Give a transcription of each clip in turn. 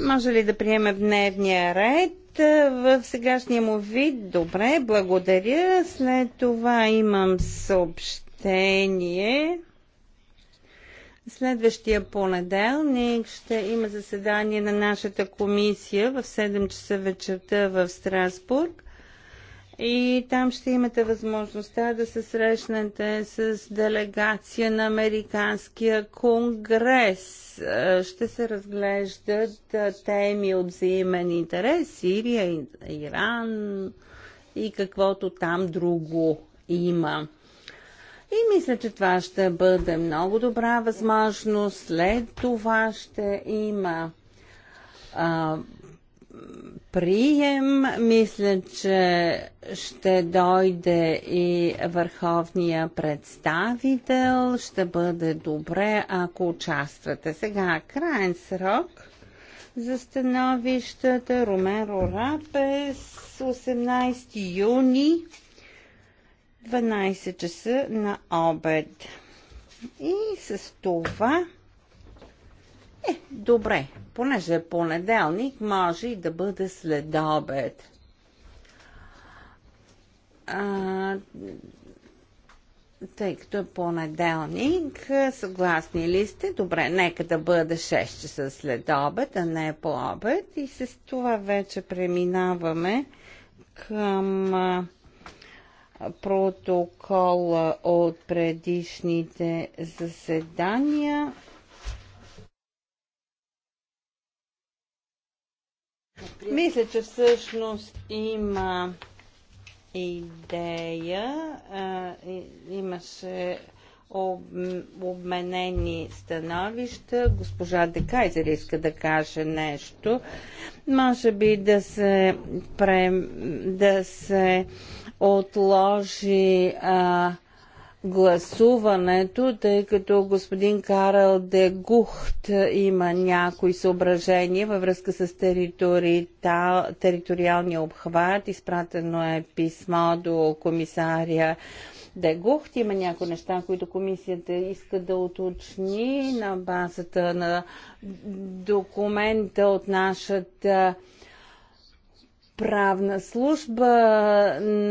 Може ли да приемем дневния ред в сегашния му вид? Добре, благодаря. След това имам съобщение. Следващия понеделник ще има заседание на нашата комисия в 7 часа вечерта в Страсбург и там ще имате възможността да се срещнете с делегация на Американския конгрес. Е, ще се разглеждат е, теми от взаимен интерес, Сирия, Иран и каквото там друго има. И мисля, че това ще бъде много добра възможност. След това ще има прием. Мисля, че ще дойде и върховния представител. Ще бъде добре, ако участвате. Сега крайен срок за становищата Ромеро Рапес 18 юни 12 часа на обед. И с това е добре понеже е понеделник, може и да бъде след обед. А, тъй като е понеделник, съгласни ли сте? Добре, нека да бъде 6 часа след обед, а не по обед. И с това вече преминаваме към протокола от предишните заседания. Мисля, че всъщност има идея, имаше обменени становища. Госпожа Декайзер иска да каже нещо. Може би да се, прем... да се отложи а, гласуването, тъй като господин Карл де Гухт има някои съображения във връзка с територи... териториалния обхват. Изпратено е писмо до комисаря де Гухт. Има някои неща, които комисията иска да уточни на базата на документа от нашата правна служба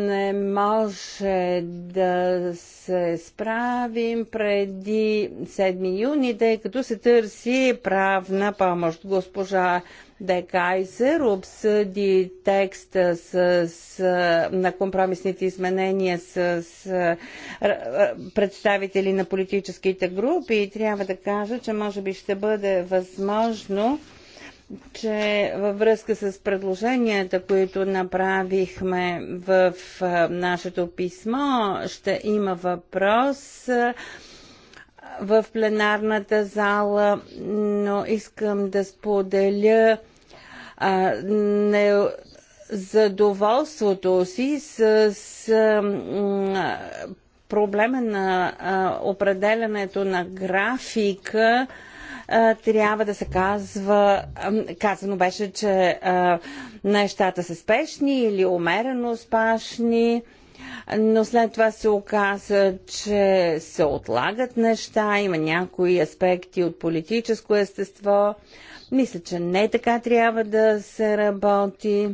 не може да се справим преди 7 юни, тъй като се търси правна помощ. Госпожа Декайсер обсъди текста с, с, на компромисните изменения с, с представители на политическите групи и трябва да кажа, че може би ще бъде възможно че във връзка с предложенията, които направихме в нашето писмо, ще има въпрос в пленарната зала, но искам да споделя а, не, задоволството си с, проблема на а, определенето на графика трябва да се казва, казано беше, че нещата са спешни или умерено спешни но след това се оказа, че се отлагат неща, има някои аспекти от политическо естество. Мисля, че не така трябва да се работи.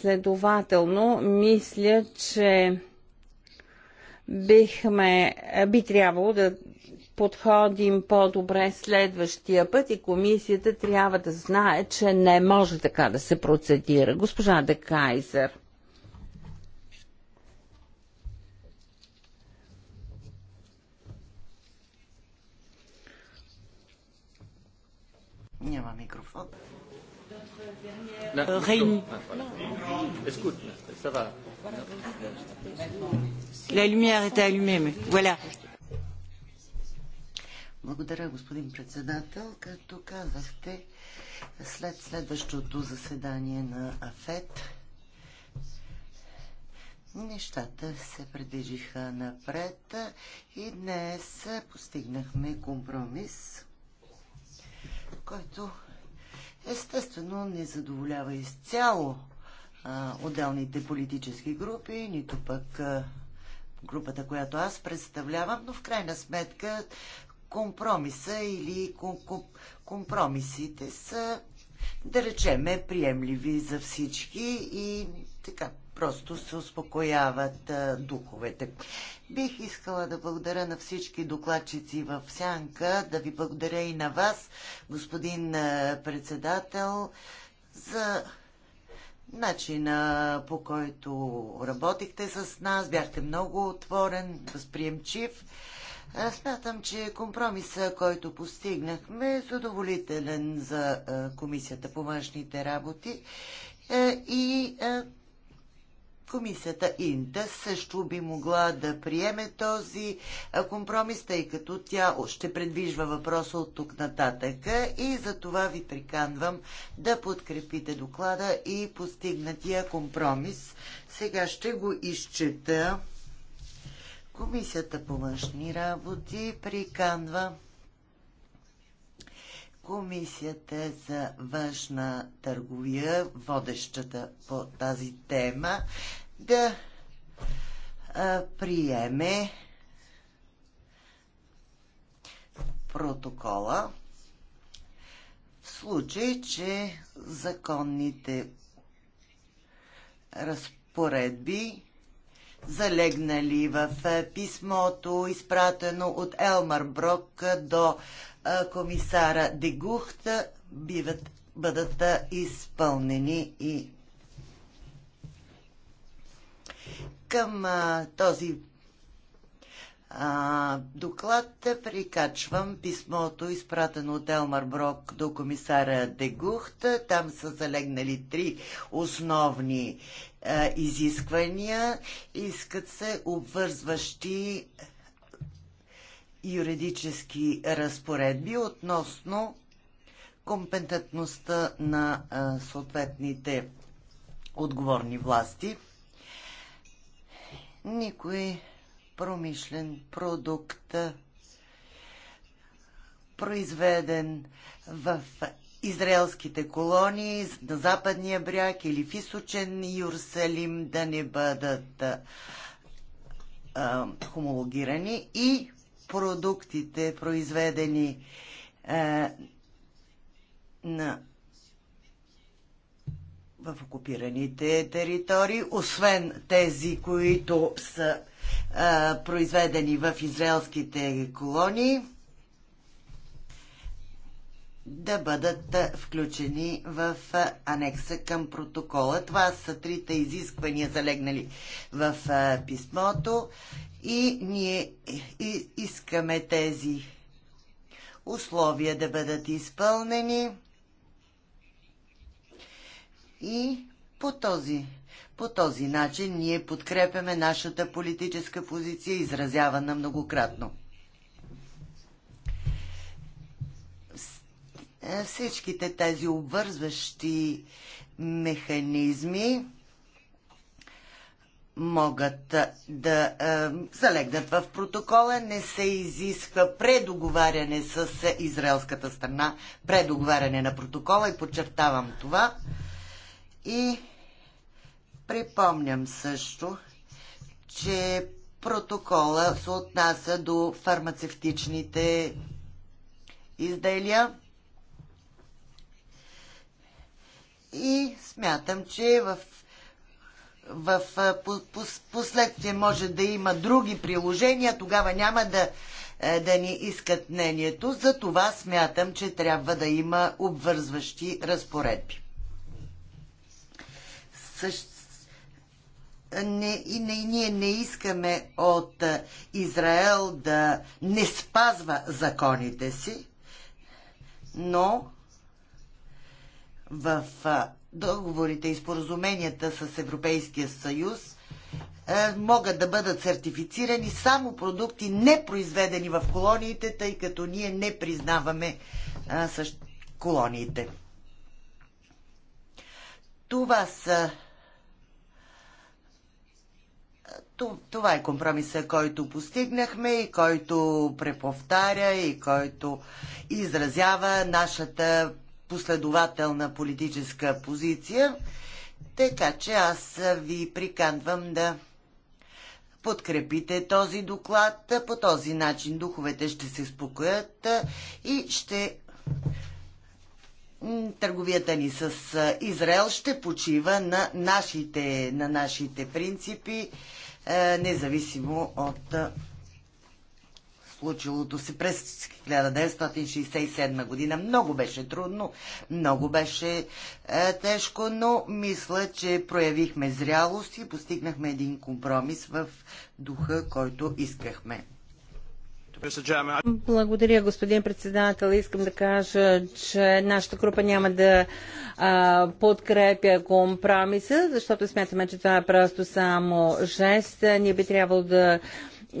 Следователно, мисля, че бихме, би трябвало да подходим по-добре следващия път и комисията трябва да знае, че не може така да се процедира. Госпожа Де Кайзер. Няма микрофон. La lumière est allumée, voilà. Благодаря, господин председател. Като казахте, след следващото заседание на АФЕТ, нещата се предвижиха напред и днес постигнахме компромис, който естествено не задоволява изцяло а, отделните политически групи, нито пък а, групата, която аз представлявам, но в крайна сметка компромиса или компромисите са, да речеме, приемливи за всички и така просто се успокояват а, духовете. Бих искала да благодаря на всички докладчици в Сянка, да ви благодаря и на вас, господин а, председател, за начина по който работихте с нас. Бяхте много отворен, възприемчив. Смятам, че компромиса, който постигнахме, е задоволителен за е, Комисията по външните работи е, и е, Комисията Инта също би могла да приеме този компромис, тъй като тя ще предвижва въпроса от тук нататък и за това ви приканвам да подкрепите доклада и постигнатия компромис. Сега ще го изчета Комисията по външни работи приканва Комисията за външна търговия, водещата по тази тема, да а, приеме протокола в случай, че законните разпоредби залегнали в е, писмото, изпратено от Елмар Брок до е, комисара Дегухт, биват, бъдат е, изпълнени и към а, този а, доклад прикачвам писмото, изпратено от Елмар Брок до комисара Дегухт. Там са залегнали три основни е, изисквания, искат се обвързващи юридически разпоредби относно компетентността на е, съответните отговорни власти. Никой промишлен продукт, е, произведен в израелските колонии на западния бряг или в източен Иерусалим да не бъдат а, хомологирани и продуктите, произведени а, на в окупираните територии, освен тези, които са а, произведени в израелските колонии, да бъдат включени в анекса към протокола. Това са трите изисквания, залегнали в писмото и ние искаме тези условия да бъдат изпълнени и по този, по този начин ние подкрепяме нашата политическа позиция, изразявана многократно. Е, всичките тези обвързващи механизми могат да е, залегнат в протокола. Не се изисква предоговаряне с израелската страна, предоговаряне на протокола и подчертавам това. И припомням също, че протокола се отнася до фармацевтичните изделия И смятам, че в в последствие може да има други приложения, тогава няма да, е, да ни искат мнението. За това смятам, че трябва да има обвързващи разпоредби. И не, и не, ние не искаме от е, Израел да не спазва законите си, но в договорите и споразуменията с Европейския съюз могат да бъдат сертифицирани само продукти не произведени в колониите, тъй като ние не признаваме същ... колониите. Това са това е компромиса, който постигнахме и който преповтаря и който изразява нашата последователна политическа позиция, така че аз ви приканвам да подкрепите този доклад. По този начин духовете ще се спокоят и ще търговията ни с Израел ще почива на нашите, на нашите принципи, е, независимо от случилото се през 1967 година. Много беше трудно, много беше е, тежко, но мисля, че проявихме зрялост и постигнахме един компромис в духа, който искахме. Благодаря, господин председател. Искам да кажа, че нашата група няма да а, подкрепя компромиса, защото смятаме, че това е просто само жест. Ние би трябвало да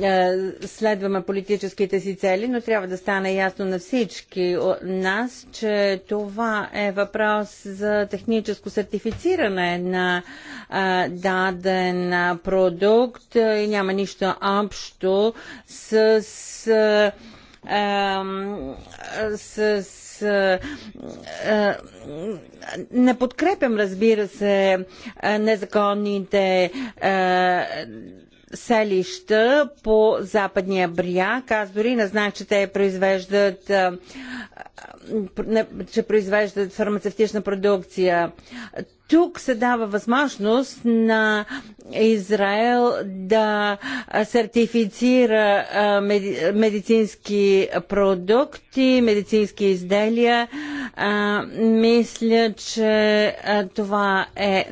е, следваме политическите си цели, но трябва да стане ясно на всички от нас, че това е въпрос за техническо сертифициране на е, даден продукт и няма нищо общо с, е, с, с не подкрепям, разбира се, незаконните селища по западния бряг. Аз дори не знаех, че те произвеждат, че произвеждат фармацевтична продукция тук се дава възможност на Израел да сертифицира медицински продукти, медицински изделия. Мисля, че това е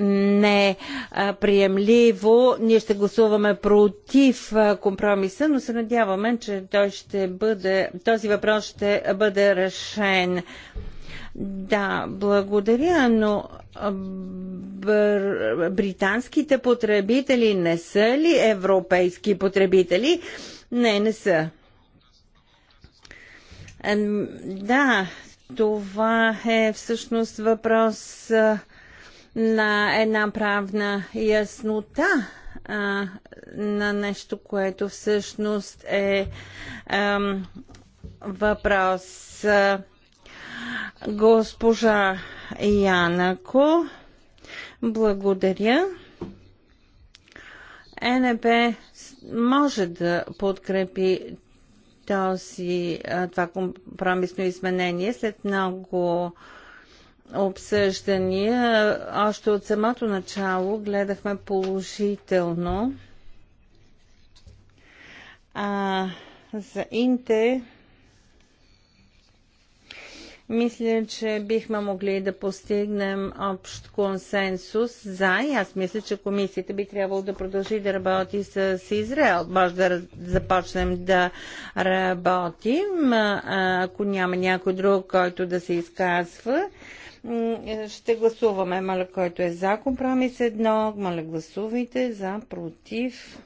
неприемливо. Ние ще гласуваме против компромиса, но се надяваме, че той ще бъде, този въпрос ще бъде решен. Да, благодаря, но бър... британските потребители не са ли европейски потребители? Не, не са. Да, това е всъщност въпрос на една правна яснота на нещо, което всъщност е въпрос. А, Госпожа Янако, благодаря. Е НП може да подкрепи този, това компромисно изменение след много обсъждания. Още от самото начало гледахме положително. А, за Инте мисля, че бихме могли да постигнем общ консенсус за и аз мисля, че комисията би трябвало да продължи да работи с Израел. Може да започнем да работим, ако няма някой друг, който да се изказва. Ще гласуваме. Моля, който е за компромис едно, моля гласувайте за, против,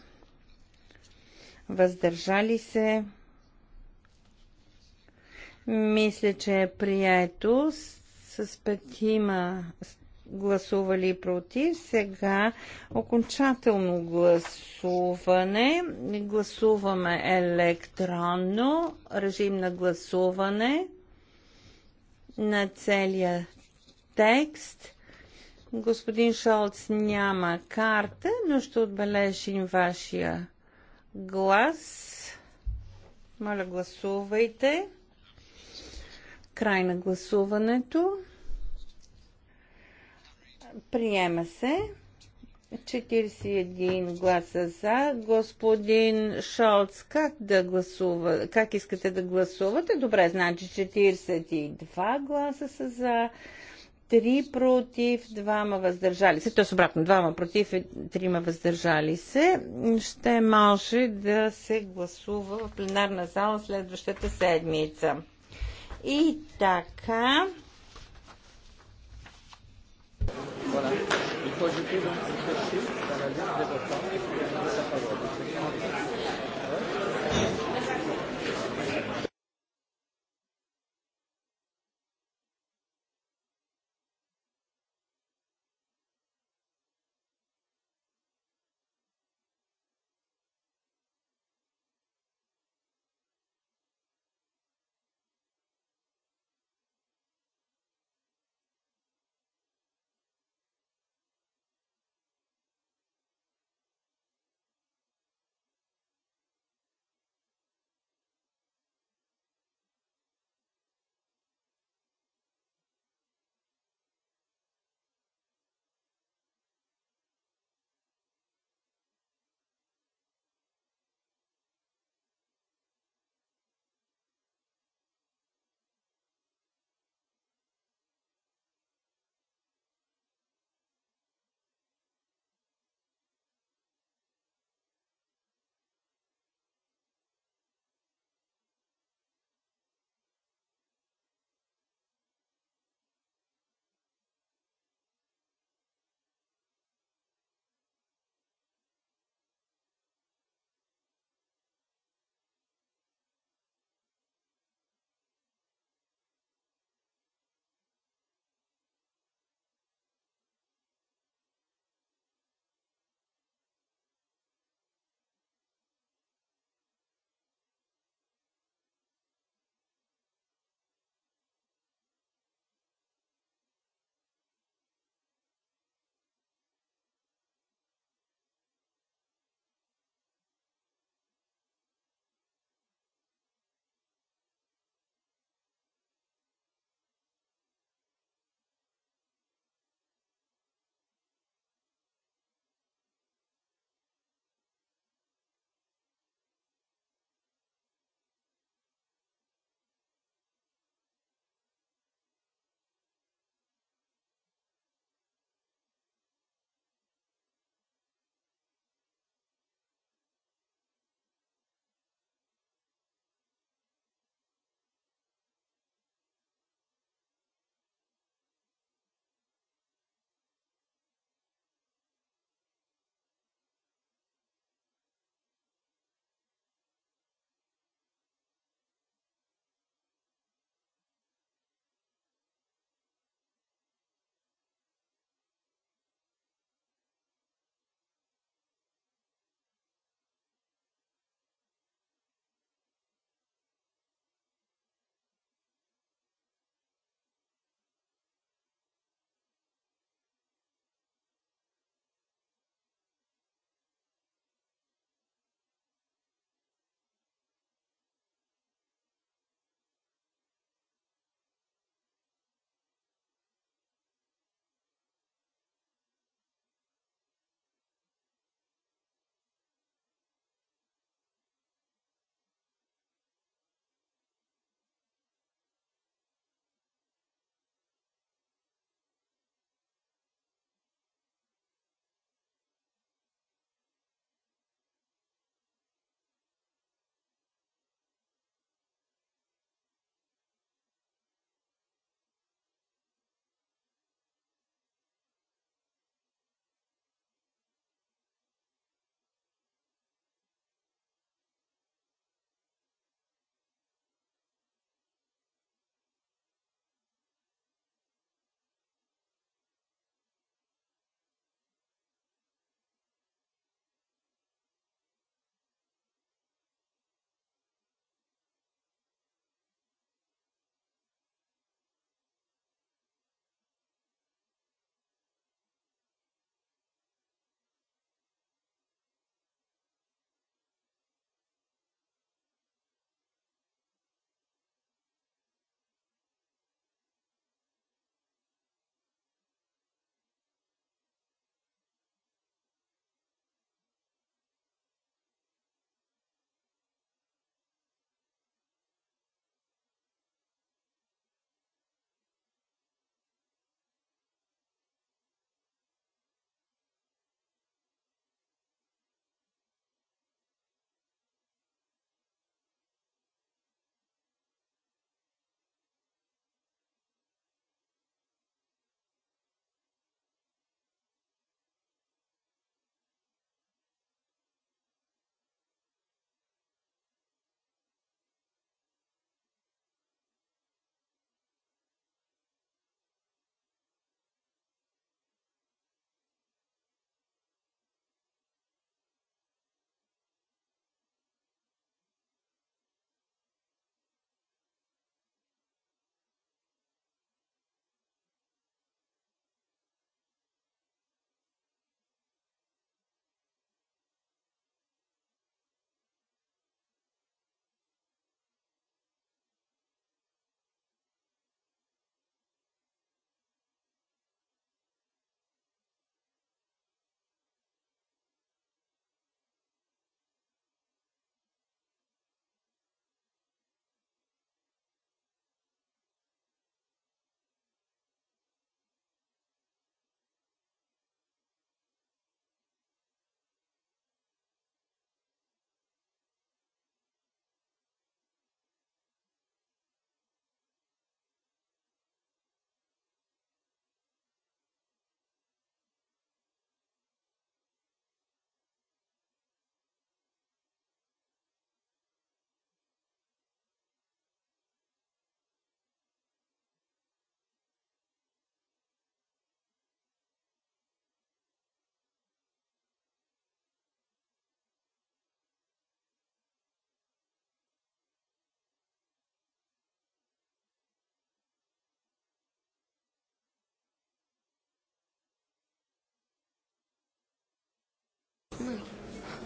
въздържали се. Мисля, че е прието с петима гласували против. Сега окончателно гласуване. Гласуваме електронно. Режим на гласуване на целия текст. Господин Шолц няма карта, но ще отбележим вашия глас. Моля, гласувайте. Край на гласуването. Приема се. 41 гласа за. Господин Шолц, как да гласува? Как искате да гласувате? Добре, значи 42 гласа са за. 3 против, 2 въздържали се. Тоест обратно, 2 против и 3 въздържали се. Ще може да се гласува в пленарна зала следващата седмица. И така. Voilà. Il faut ajouter donc ce cachet à la liste des repas.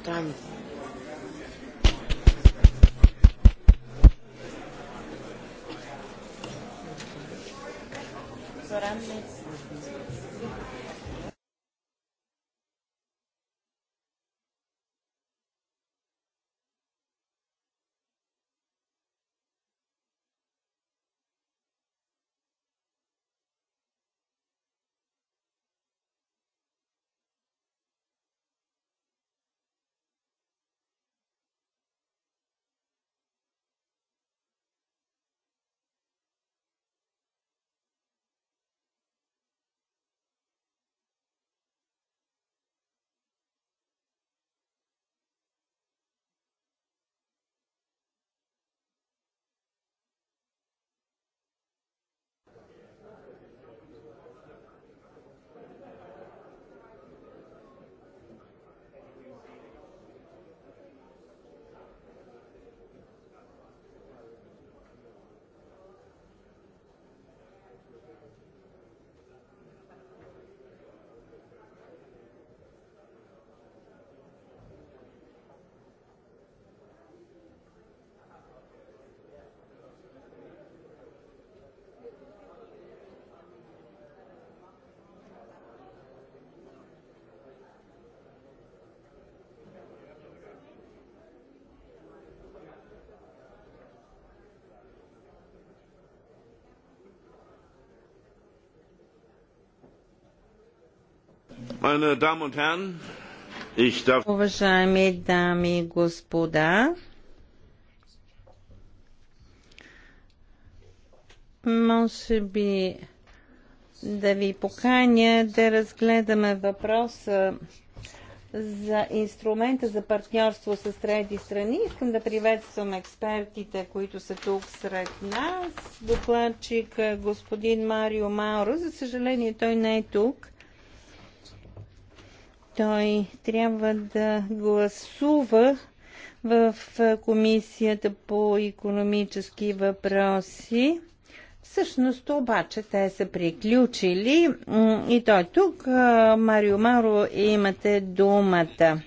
time. Уважаеми дами и господа, може би да ви поканя да разгледаме въпроса за инструмента за партньорство с трети страни. Искам да приветствам експертите, които са тук сред нас. Докладчик е господин Марио Мауро. За съжаление, той не е тук. Той трябва да гласува в Комисията по економически въпроси. Всъщност обаче те са приключили и той тук. Марио Маро, имате думата.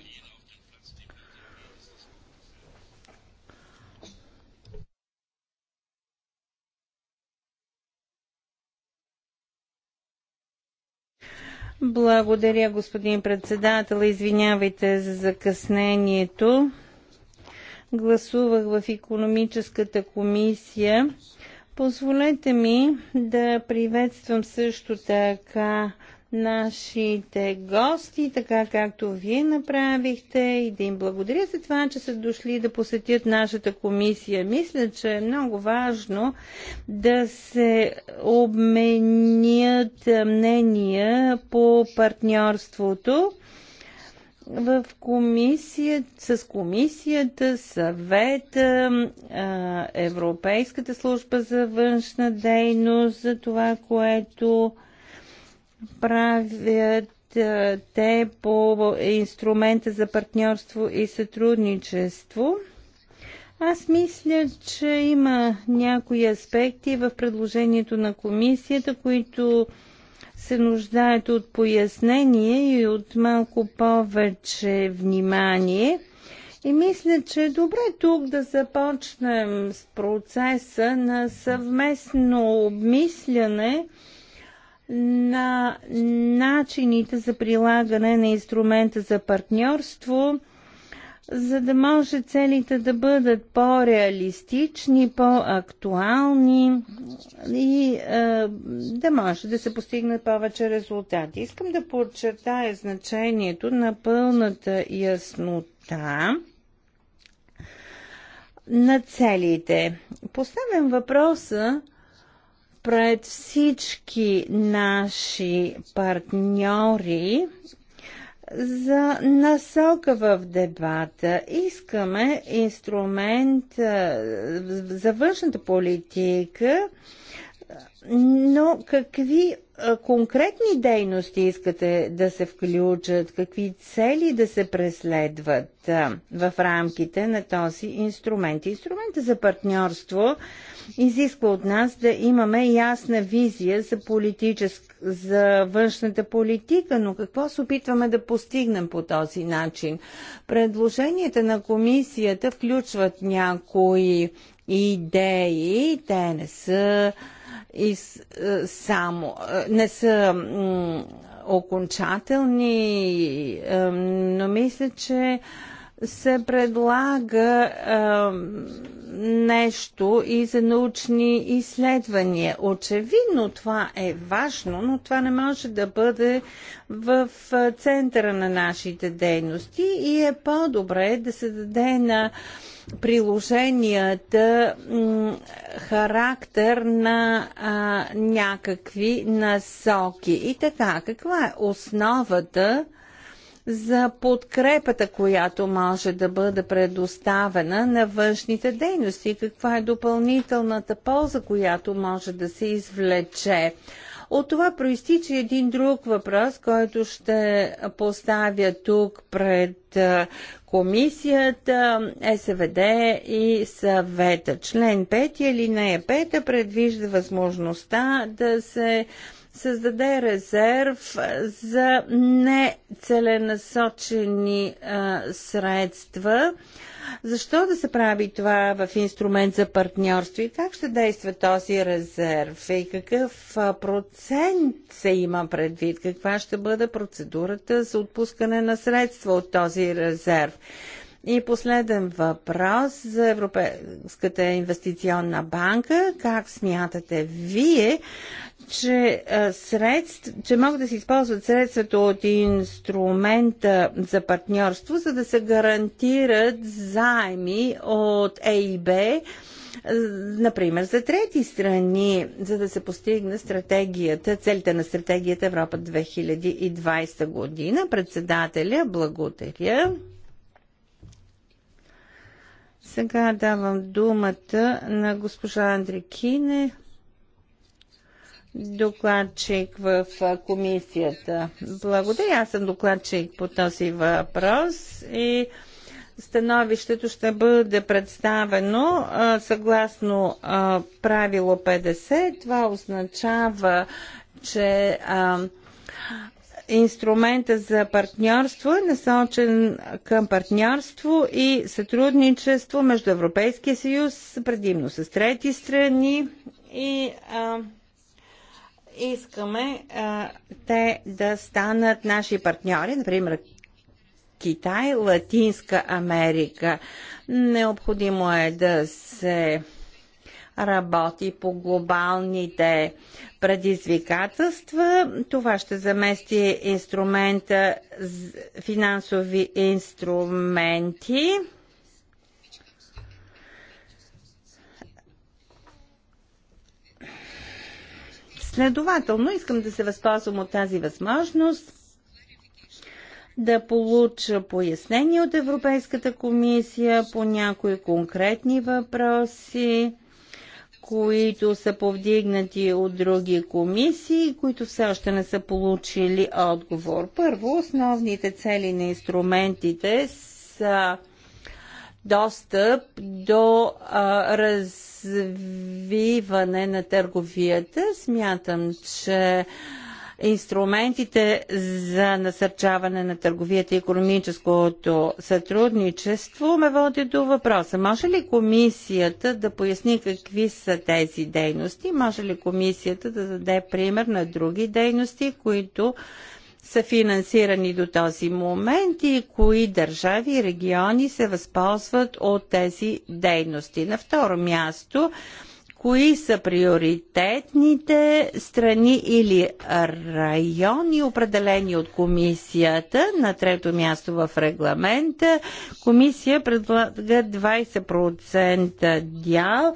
Благодаря, господин председател. Извинявайте за закъснението. Гласувах в економическата комисия. Позволете ми да приветствам също така нашите гости, така както вие направихте и да им благодаря за това, че са дошли да посетят нашата комисия. Мисля, че е много важно да се обменят мнения по партньорството в комисия, с комисията, съвета, Европейската служба за външна дейност, за това, което правят те по инструмента за партньорство и сътрудничество. Аз мисля, че има някои аспекти в предложението на комисията, които се нуждаят от пояснение и от малко повече внимание. И мисля, че е добре тук да започнем с процеса на съвместно обмисляне на начините за прилагане на инструмента за партньорство, за да може целите да бъдат по-реалистични, по-актуални и е, да може да се постигнат повече резултати. Искам да подчертая значението на пълната яснота на целите. Поставям въпроса пред всички наши партньори за насока в дебата. Искаме инструмент за външната политика, но какви конкретни дейности искате да се включат, какви цели да се преследват в рамките на този инструмент. Инструментът за партньорство изисква от нас да имаме ясна визия за, политическ, за външната политика, но какво се опитваме да постигнем по този начин? Предложенията на комисията включват някои идеи, те не са и е, само, е, не са окончателни, е, но мисля, че се предлага нещо и за научни изследвания. Очевидно това е важно, но това не може да бъде в центъра на нашите дейности и е по-добре да се даде на приложенията характер на а, някакви насоки. И така, каква е основата за подкрепата, която може да бъде предоставена на външните дейности? Каква е допълнителната полза, която може да се извлече? От това проистича един друг въпрос, който ще поставя тук пред Комисията, СВД и съвета. Член 5 или не е 5 предвижда възможността да се създаде резерв за нецеленасочени а, средства. Защо да се прави това в инструмент за партньорство и как ще действа този резерв и какъв процент се има предвид, каква ще бъде процедурата за отпускане на средства от този резерв? И последен въпрос за Европейската инвестиционна банка. Как смятате вие, че, средств, че могат да се използват средствата от инструмента за партньорство, за да се гарантират заеми от ЕИБ, например, за трети страни, за да се постигне стратегията, целите на стратегията Европа 2020 година. Председателя, благодаря. Сега давам думата на госпожа Андрикине, докладчик в комисията. Благодаря, аз съм докладчик по този въпрос и становището ще бъде представено а, съгласно а, правило 50. Това означава, че а, инструмента за партньорство е насочен към партньорство и сътрудничество между Европейския съюз, предимно с трети страни и а, искаме а, те да станат наши партньори, например Китай, Латинска Америка. Необходимо е да се работи по глобалните предизвикателства. Това ще замести инструмента финансови инструменти. Следователно, искам да се възползвам от тази възможност да получа пояснение от Европейската комисия по някои конкретни въпроси, които са повдигнати от други комисии, които все още не са получили отговор. Първо, основните цели на инструментите са достъп до а, развиване на търговията. Смятам, че а, инструментите за насърчаване на търговията и економическото сътрудничество ме води до въпроса. Може ли комисията да поясни какви са тези дейности? Може ли комисията да даде пример на други дейности, които са финансирани до този момент и кои държави и региони се възползват от тези дейности? На второ място, кои са приоритетните страни или райони, определени от комисията. На трето място в регламента комисия предлага 20% дял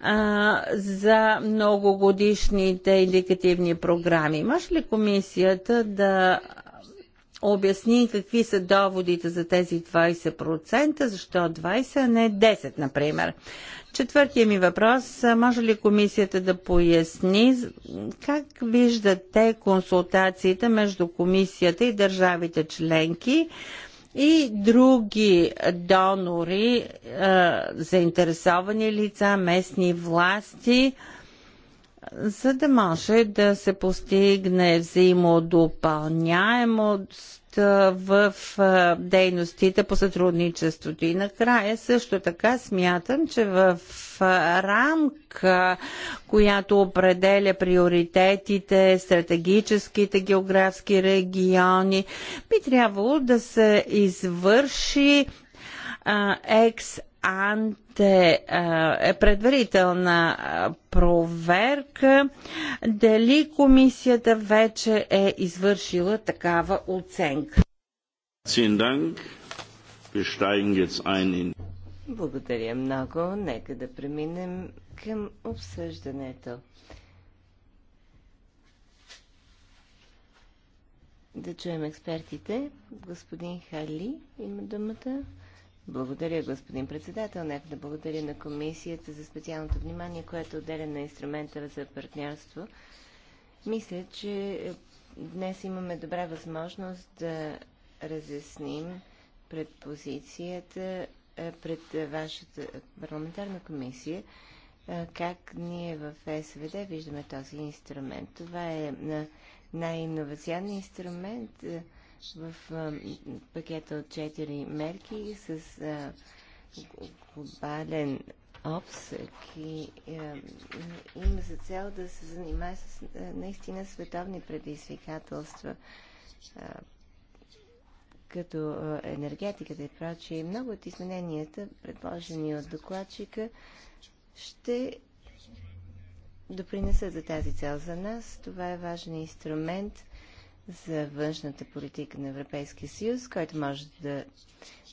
а, за многогодишните индикативни програми. Може ли комисията да обясни какви са доводите за тези 20%, защо 20, а не 10, например. Четвъртия ми въпрос. Може ли комисията да поясни как виждате консултациите между комисията и държавите членки и други донори, заинтересовани лица, местни власти, за да може да се постигне взаимодопълняемост в дейностите по сътрудничеството. И накрая също така смятам, че в рамка, която определя приоритетите, стратегическите географски региони, би трябвало да се извърши екс анте, предварителна проверка дали комисията вече е извършила такава оценка. Благодаря много. Нека да преминем към обсъждането. Да чуем експертите. Господин Хали има думата. Благодаря, господин председател. Нека да благодаря на комисията за специалното внимание, което отделя на инструмента за партньорство. Мисля, че днес имаме добра възможност да разясним пред позицията, е, пред вашата парламентарна комисия, е, как ние в СВД виждаме този инструмент. Това е, е най-инновационният инструмент, в пакета от 4 мерки с глобален обсък и има за цел да се занимава с наистина световни предизвикателства като енергетиката и прочие, много от измененията, предложени от докладчика, ще допринесат за тази цел за нас. Това е важен инструмент за външната политика на Европейския съюз, който може да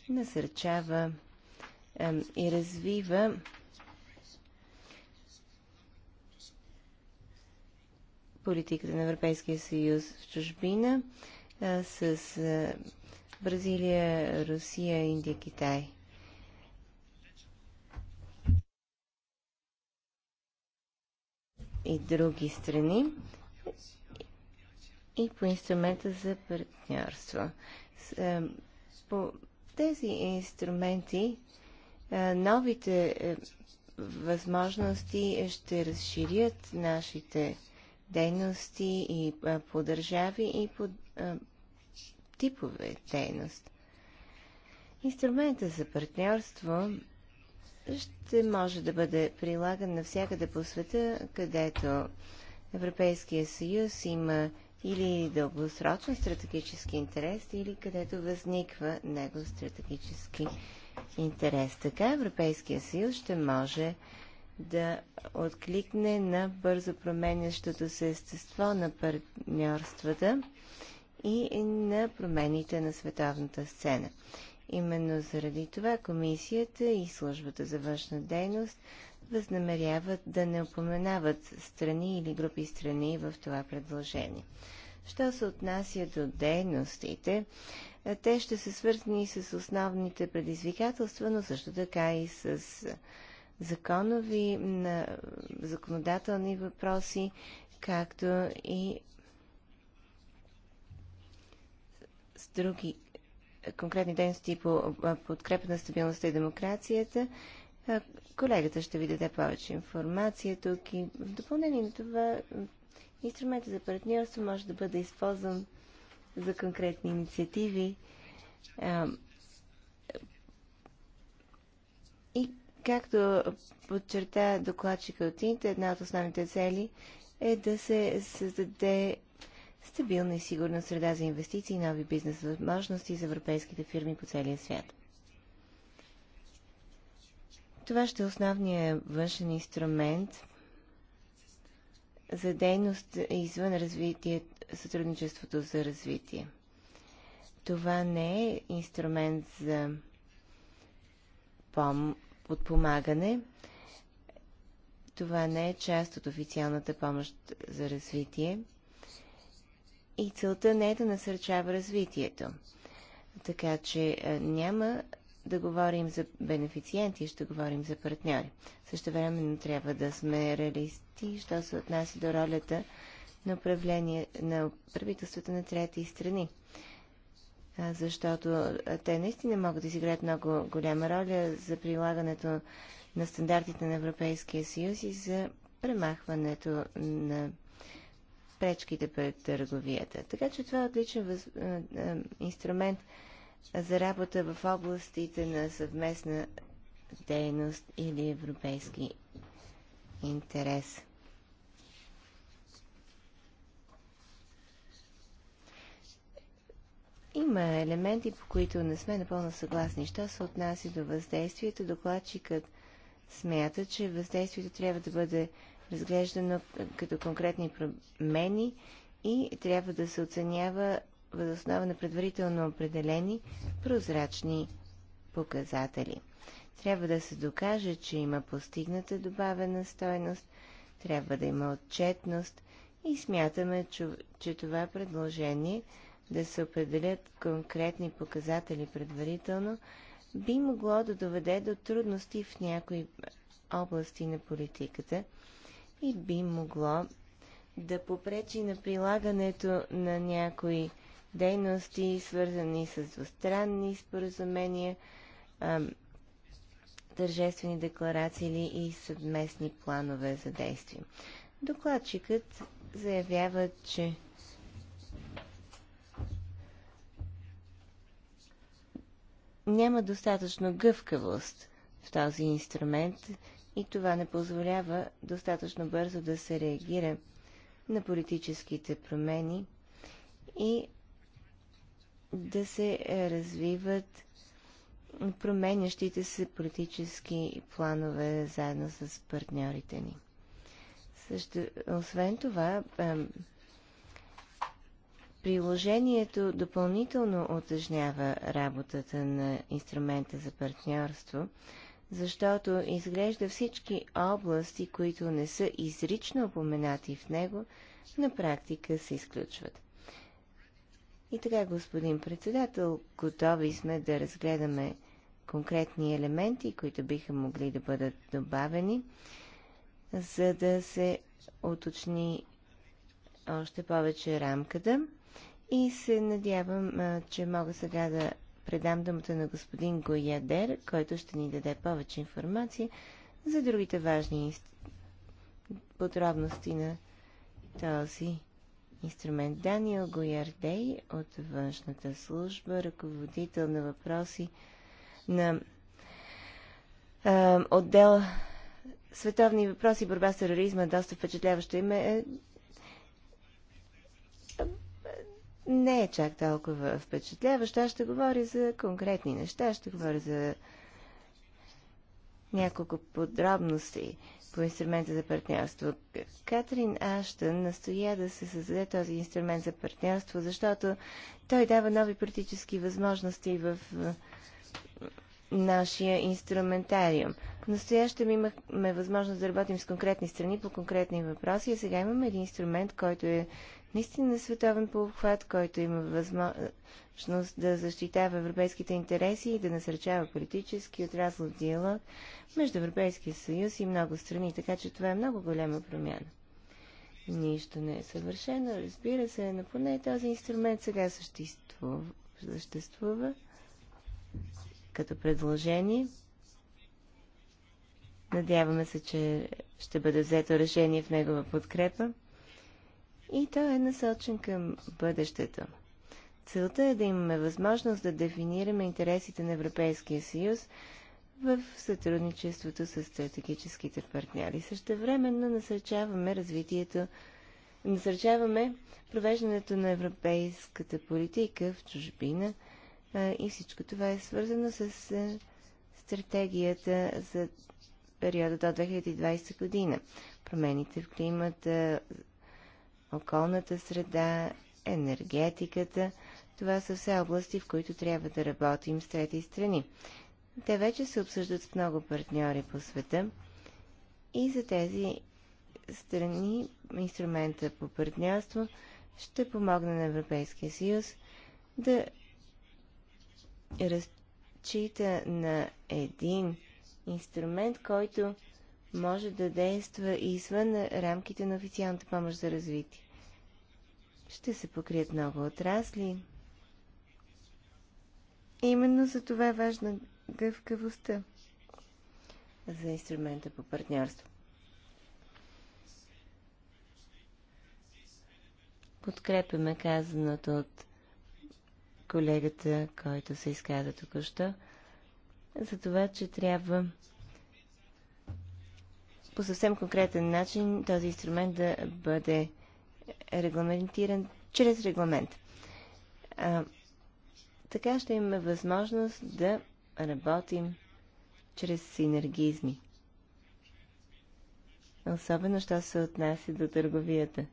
насърчава и развива политиката на Европейския съюз в чужбина с Бразилия, Русия, Индия, Китай. и други страни и по инструмента за партньорство. Е, по тези инструменти е, новите е, възможности ще разширят нашите дейности и по държави и по типове дейност. Инструмента за партньорство ще може да бъде прилаган навсякъде по света, където Европейския съюз има или дългосрочен стратегически интерес, или където възниква него стратегически интерес. Така Европейския съюз ще може да откликне на бързо променящото се естество на партньорствата и на промените на световната сцена. Именно заради това комисията и службата за външна дейност възнамеряват да не упоменават страни или групи страни в това предложение. Що се отнася до дейностите, те ще са свързани с основните предизвикателства, но също така и с законови, законодателни въпроси, както и с други конкретни дейности по подкрепа на стабилността и демокрацията, Колегата ще ви даде повече информация тук и в допълнение на това инструментът за партньорство може да бъде използван за конкретни инициативи. А, и както подчерта докладчика от Инта, една от основните цели е да се създаде стабилна и сигурна среда за инвестиции и нови бизнес възможности за европейските фирми по целия свят. Това ще е основният външен инструмент за дейност извън развитие, сътрудничеството за развитие. Това не е инструмент за пом- подпомагане. Това не е част от официалната помощ за развитие. И целта не е да насърчава развитието. Така че няма да говорим за бенефициенти, ще говорим за партньори. Също време трябва да сме реалисти, що се отнася до ролята на управление на правителствата на трети страни. Защото те наистина могат да изиграят много голяма роля за прилагането на стандартите на Европейския съюз и за премахването на пречките пред търговията. Така че това е отличен въз... инструмент за работа в областите на съвместна дейност или европейски интерес. Има елементи, по които не сме напълно съгласни. Що се отнася до въздействието, докладчикът смята, че въздействието трябва да бъде разглеждано като конкретни промени и трябва да се оценява възоснова на предварително определени прозрачни показатели. Трябва да се докаже, че има постигната добавена стойност, трябва да има отчетност и смятаме, че, че това предложение да се определят конкретни показатели предварително би могло да доведе до трудности в някои области на политиката и би могло да попречи на прилагането на някои дейности, свързани с двустранни споразумения, тържествени декларации или и съвместни планове за действие. Докладчикът заявява, че няма достатъчно гъвкавост в този инструмент и това не позволява достатъчно бързо да се реагира на политическите промени и да се развиват променящите се политически планове заедно с партньорите ни. Също, освен това, приложението допълнително отъжнява работата на инструмента за партньорство, защото изглежда всички области, които не са изрично упоменати в него, на практика се изключват. И така, господин председател, готови сме да разгледаме конкретни елементи, които биха могли да бъдат добавени, за да се уточни още повече рамката. И се надявам, че мога сега да предам думата на господин Гоядер, който ще ни даде повече информация за другите важни подробности на този инструмент. Даниел Гоярдей от външната служба, ръководител на въпроси на а, отдел Световни въпроси, борба с тероризма, доста впечатляващо име. Е, не е чак толкова впечатляващо. Аз ще говоря за конкретни неща. Ще говоря за няколко подробности по инструмента за партньорство. Катрин Аштън настоя да се създаде този инструмент за партньорство, защото той дава нови практически възможности в е, нашия инструментариум. Настоящем имахме възможност да работим с конкретни страни по конкретни въпроси, а сега имаме един инструмент, който е наистина световен по обхват, който има възможност да защитава европейските интереси и да насърчава политически отрасъл диалог между Европейския съюз и много страни, така че това е много голяма промяна. Нищо не е съвършено, разбира се, но поне този инструмент сега съществува, съществува като предложение. Надяваме се, че ще бъде взето решение в негова подкрепа и той е насочен към бъдещето. Целта е да имаме възможност да дефинираме интересите на Европейския съюз в сътрудничеството с стратегическите партньори. Същевременно насърчаваме развитието, насърчаваме провеждането на европейската политика в чужбина и всичко това е свързано с стратегията за периода до 2020 година. Промените в климата, околната среда, енергетиката. Това са все области, в които трябва да работим с трети страни. Те вече се обсъждат с много партньори по света и за тези страни инструмента по партньорство ще помогне на Европейския съюз да разчита на един инструмент, който може да действа и извън рамките на официалната помощ за развитие. Ще се покрият много отрасли. Именно за това е важна гъвкавостта за инструмента по партньорство. Подкрепяме казаното от колегата, който се изказа току-що, за това, че трябва по съвсем конкретен начин този инструмент да бъде регламентиран чрез регламент. А, така ще имаме възможност да работим чрез синергизми. Особено, що се отнася до търговията.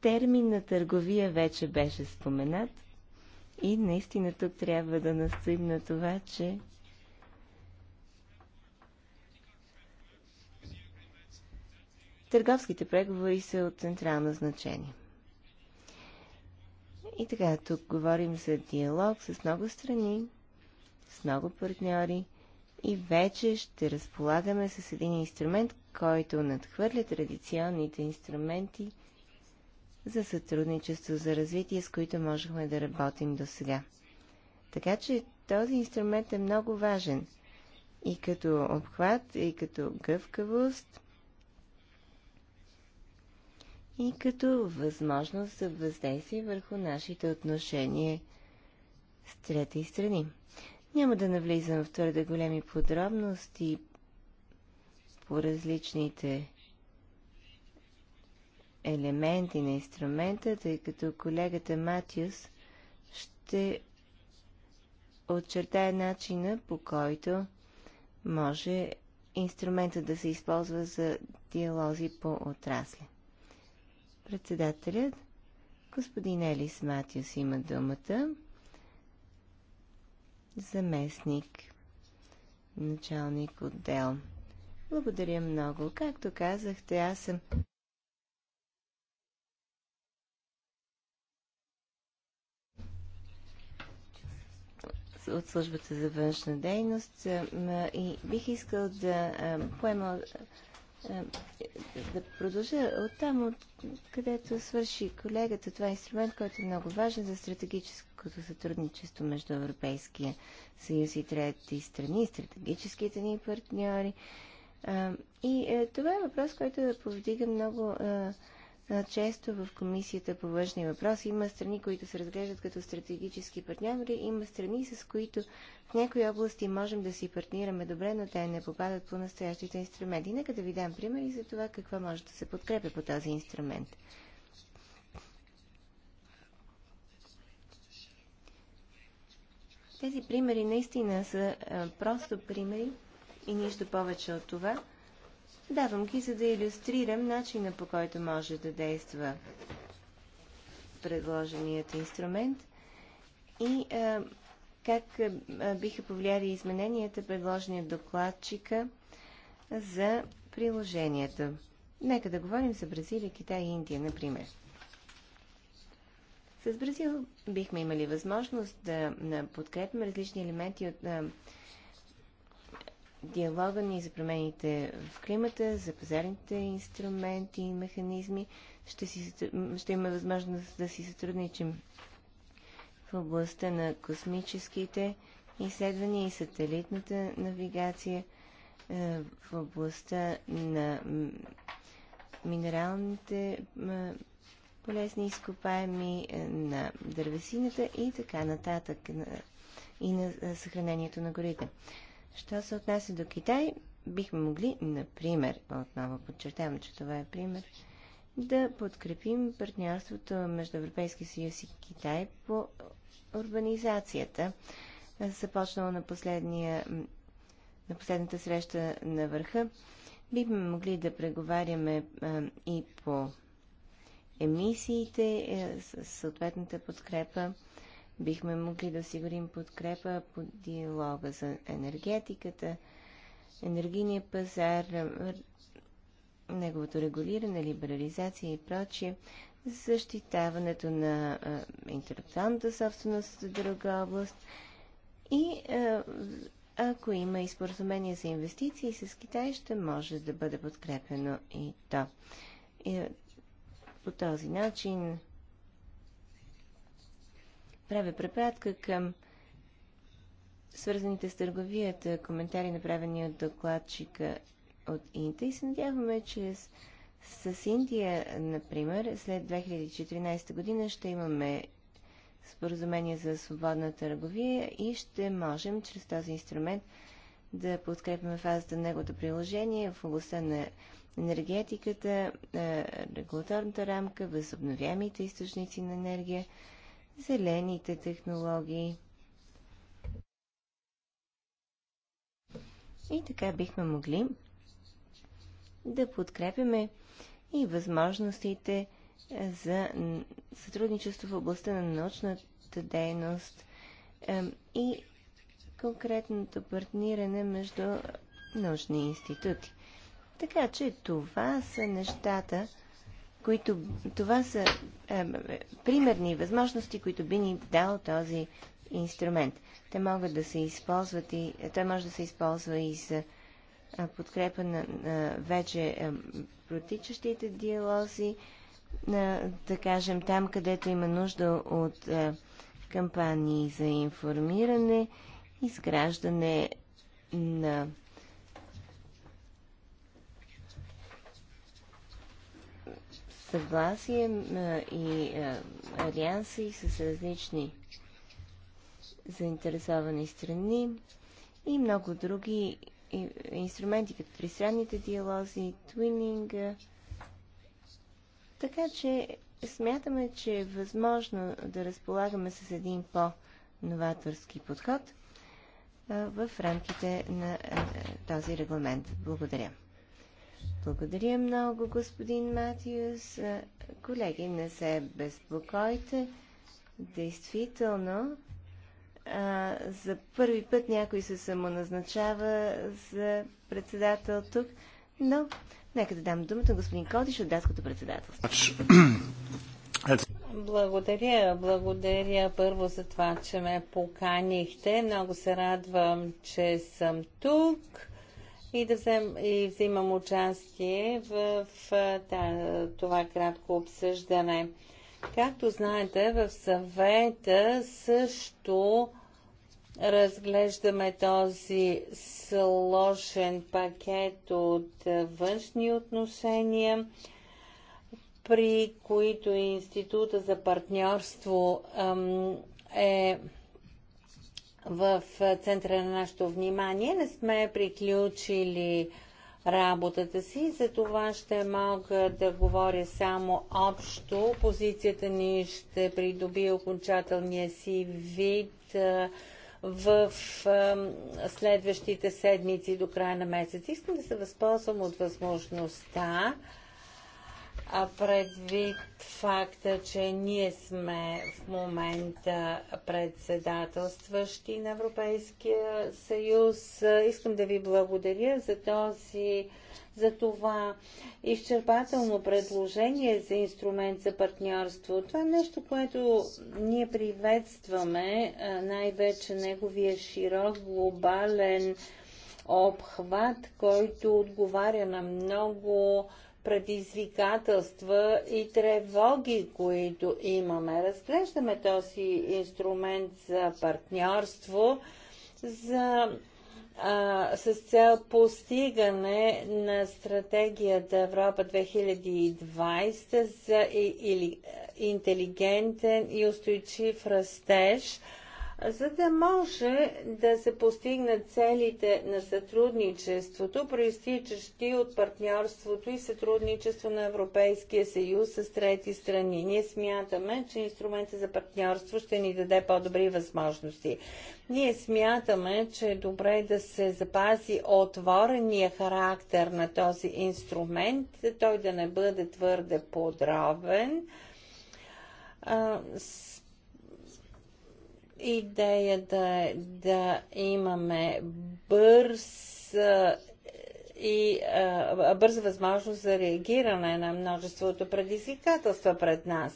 Термин на търговия вече беше споменат и наистина тук трябва да настоим на това, че търговските преговори са от централно значение. И така, тук говорим за диалог с много страни, с много партньори и вече ще разполагаме с един инструмент, който надхвърля традиционните инструменти за сътрудничество, за развитие, с които можехме да работим до сега. Така че този инструмент е много важен и като обхват, и като гъвкавост – и като възможност за въздействие върху нашите отношения с трети страни. Няма да навлизам в твърде големи подробности по различните елементи на инструмента, тъй като колегата Матиус ще отчертая начина по който може инструментът да се използва за диалози по отрасли. Председателят господин Елис Матиус има думата. Заместник началник отдел. Благодаря много. Както казахте, аз съм от службата за външна дейност и бих искал да поема е, е, е, да продължа от там, от където свърши колегата. Това е инструмент, който е много важен за стратегическото сътрудничество между Европейския съюз и трети страни, стратегическите ни партньори. И това е въпрос, който повдига много често в Комисията по външни въпроси има страни, които се разглеждат като стратегически партньори, има страни, с които в някои области можем да си партнираме добре, но те не попадат по настоящите инструменти. Нека да ви дам примери за това какво може да се подкрепя по този инструмент. Тези примери наистина са а, просто примери и нищо повече от това – Давам ги, за да иллюстрирам начина по който може да действа предложеният инструмент и а, как а, биха повлияли измененията, предложения докладчика за приложението. Нека да говорим за Бразилия, Китай и Индия, например. С Бразил бихме имали възможност да подкрепим различни елементи от а, диалога ни за промените в климата, за пазарните инструменти и механизми. Ще, си, ще имаме възможност да си сътрудничим в областта на космическите изследвания и сателитната навигация, е, в областта на минералните полезни изкопаеми, е, на дървесината и така нататък, и на е, съхранението на горите. Що се отнася до Китай, бихме могли, например, отново подчертавам, че това е пример, да подкрепим партньорството между Европейския съюз и Китай по урбанизацията, започнало на, последния, на последната среща на върха. Бихме могли да преговаряме а, и по емисиите, е, съответната подкрепа Бихме могли да осигурим подкрепа по диалога за енергетиката, енергийния пазар, неговото регулиране, либерализация и прочие, защитаването на а, интелектуалната собственост в друга област и а, ако има и споразумение за инвестиции с Китай, ще може да бъде подкрепено и то. И, по този начин правя препратка към свързаните с търговията коментари, направени от докладчика от Инта и се надяваме, че с, с Индия, например, след 2014 година ще имаме споразумение за свободна търговия и ще можем чрез този инструмент да подкрепяме фазата на неговото приложение в областта на енергетиката, е, регулаторната рамка, възобновяемите източници на енергия, зелените технологии. И така бихме могли да подкрепяме и възможностите е, за сътрудничество в областта на научната дейност е, и конкретното партниране между научни институти. Така че това са нещата, които това са е, примерни възможности, които би ни дал този инструмент. Те могат да се използват и той може да се използва и за подкрепа на, на вече е, протичащите диалози, на, да кажем там, където има нужда от е, кампании за информиране, изграждане на съгласие и алианси с различни заинтересовани страни и много други инструменти, като тристранните диалози, твининга. Така че смятаме, че е възможно да разполагаме с един по-новаторски подход в рамките на този регламент. Благодаря. Благодаря много, господин Матиус. Колеги, не се безпокойте. Действително, а, за първи път някой се самоназначава за председател тук, но нека да дам думата господин Кодиш от датското председателство. Благодаря, благодаря първо за това, че ме поканихте. Много се радвам, че съм тук и да взем, и взимам участие в, в да, това кратко обсъждане. Както знаете, в съвета също разглеждаме този сложен пакет от външни отношения, при които Института за партньорство ам, е в центъра на нашето внимание. Не сме приключили работата си, за това ще мога да говоря само общо. Позицията ни ще придобие окончателния си вид в следващите седмици до края на месец. Искам да се възползвам от възможността а предвид факта, че ние сме в момента председателстващи на Европейския съюз. Искам да ви благодаря за този за това изчерпателно предложение за инструмент за партньорство. Това е нещо, което ние приветстваме, най-вече неговия широк глобален обхват, който отговаря на много предизвикателства и тревоги, които имаме. Разглеждаме този инструмент за партньорство за, а, с цел постигане на стратегията Европа 2020 за и, или, интелигентен и устойчив растеж – за да може да се постигнат целите на сътрудничеството, проистичащи от партньорството и сътрудничество на Европейския съюз с трети страни, ние смятаме, че инструмента за партньорство ще ни даде по-добри възможности. Ние смятаме, че е добре да се запази отворения характер на този инструмент, той да не бъде твърде подробен. А, Идеята е да имаме бърз и а, бърза възможност за реагиране на множеството предизвикателства пред нас.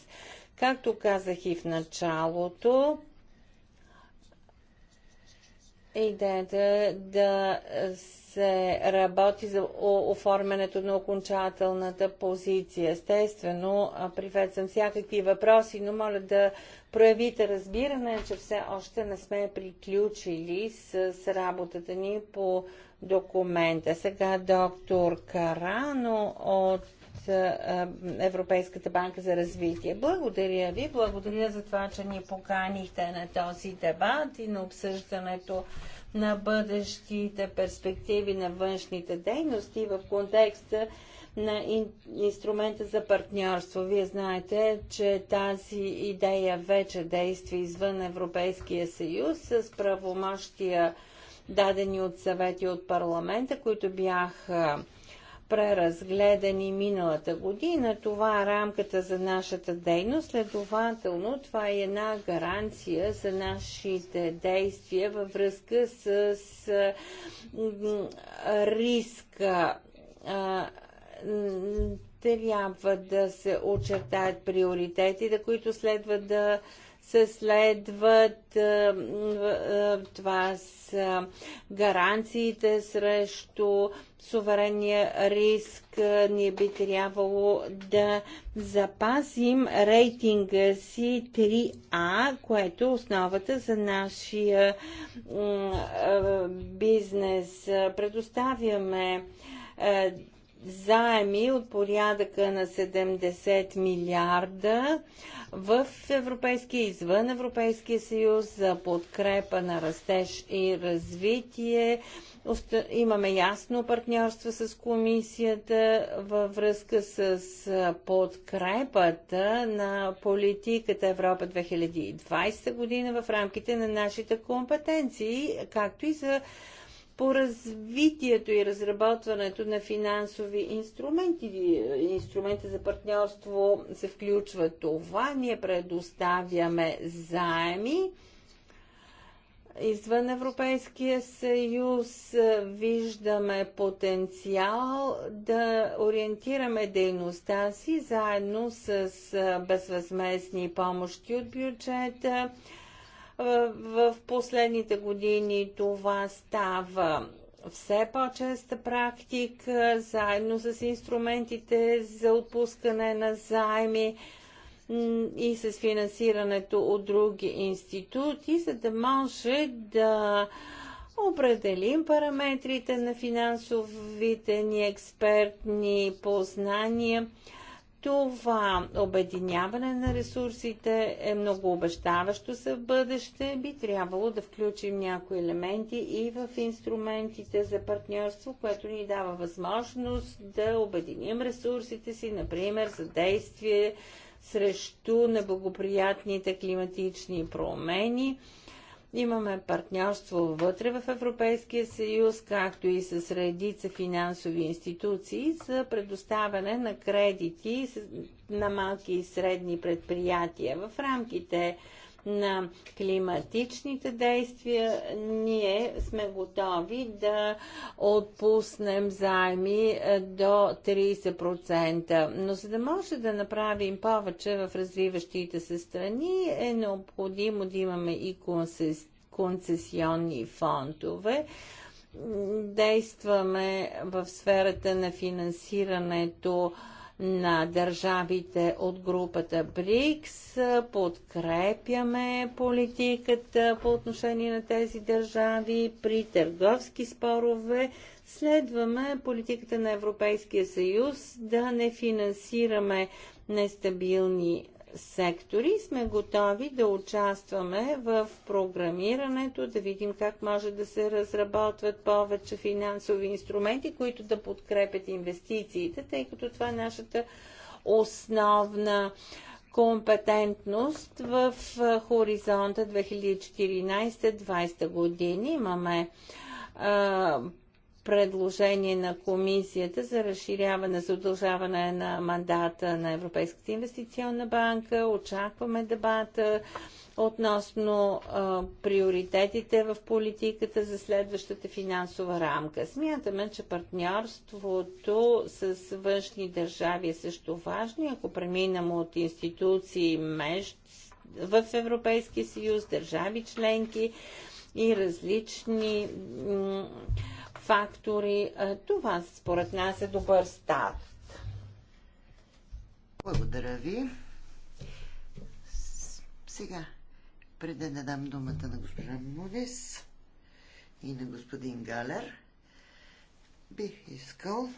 Както казах и в началото, идеята е да се се работи за оформянето на окончателната позиция. Естествено, приветствам всякакви въпроси, но моля да проявите разбиране, че все още не сме приключили с, с работата ни по документа. Сега доктор Карано от Европейската банка за развитие. Благодаря ви, благодаря за това, че ни поканихте на този дебат и на обсъждането на бъдещите перспективи на външните дейности в контекста на инструмента за партньорство. Вие знаете, че тази идея вече действа извън Европейския съюз с правомощия дадени от съвети от парламента, които бяха преразгледани миналата година. Това е рамката за нашата дейност. Следователно, това е една гаранция за нашите действия във връзка с, с риска трябва да се очертаят приоритетите, които следва да се следват. Е, е, това са гаранциите срещу суверенния риск. Ние би трябвало да запазим рейтинга си 3А, което е основата за нашия е, бизнес. Предоставяме заеми от порядъка на 70 милиарда в Европейския и извън Европейския съюз за подкрепа на растеж и развитие. Имаме ясно партньорство с комисията във връзка с подкрепата на политиката Европа 2020 година в рамките на нашите компетенции, както и за по развитието и разработването на финансови инструменти. инструменти за партньорство се включва това. Ние предоставяме заеми извън Европейския съюз виждаме потенциал да ориентираме дейността си заедно с безвъзместни помощи от бюджета, е, в последните години това става все по-честа практика, е, заедно с инструментите за отпускане на заеми и с финансирането от други институти, за да може да определим параметрите на финансовите ни експертни познания – това обединяване на ресурсите е много обещаващо за в бъдеще. Би трябвало да включим някои елементи и в инструментите за партньорство, което ни дава възможност да обединим ресурсите си, например, за действие срещу неблагоприятните климатични промени – Имаме партньорство вътре в Европейския съюз, както и с редица финансови институции за предоставяне на кредити на малки и средни предприятия в рамките на климатичните действия, ние сме готови да отпуснем заеми е, до 30%. Но за да може да направим повече в развиващите се страни, е необходимо да имаме и концесионни фондове. Действаме в сферата на финансирането на държавите от групата БРИКС. Подкрепяме политиката по отношение на тези държави при търговски спорове. Следваме политиката на Европейския съюз да не финансираме нестабилни сектори. Сме готови да участваме в програмирането, да видим как може да се разработват повече финансови инструменти, които да подкрепят инвестициите, тъй като това е нашата основна компетентност в хоризонта 2014-2020 години. Имаме предложение на комисията за разширяване, за удължаване на мандата на Европейската инвестиционна банка. Очакваме дебата относно а, приоритетите в политиката за следващата финансова рамка. Смятаме, че партньорството с външни държави е също важно. Ако преминем от институции в Европейския съюз, държави членки и различни фактори. Това според нас е добър старт. Благодаря ви. Сега, преди да дам думата на госпожа Мунис и на господин Галер, бих искал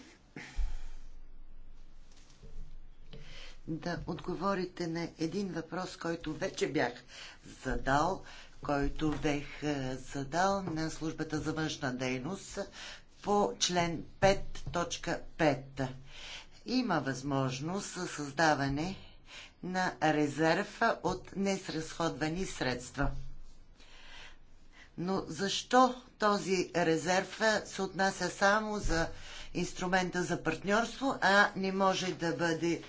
да отговорите на един въпрос, който вече бях задал който бех е, задал на службата за външна дейност по член 5.5. Има възможност за създаване на резерв от несразходвани средства. Но защо този резерв е, се отнася само за инструмента за партньорство, а не може да бъде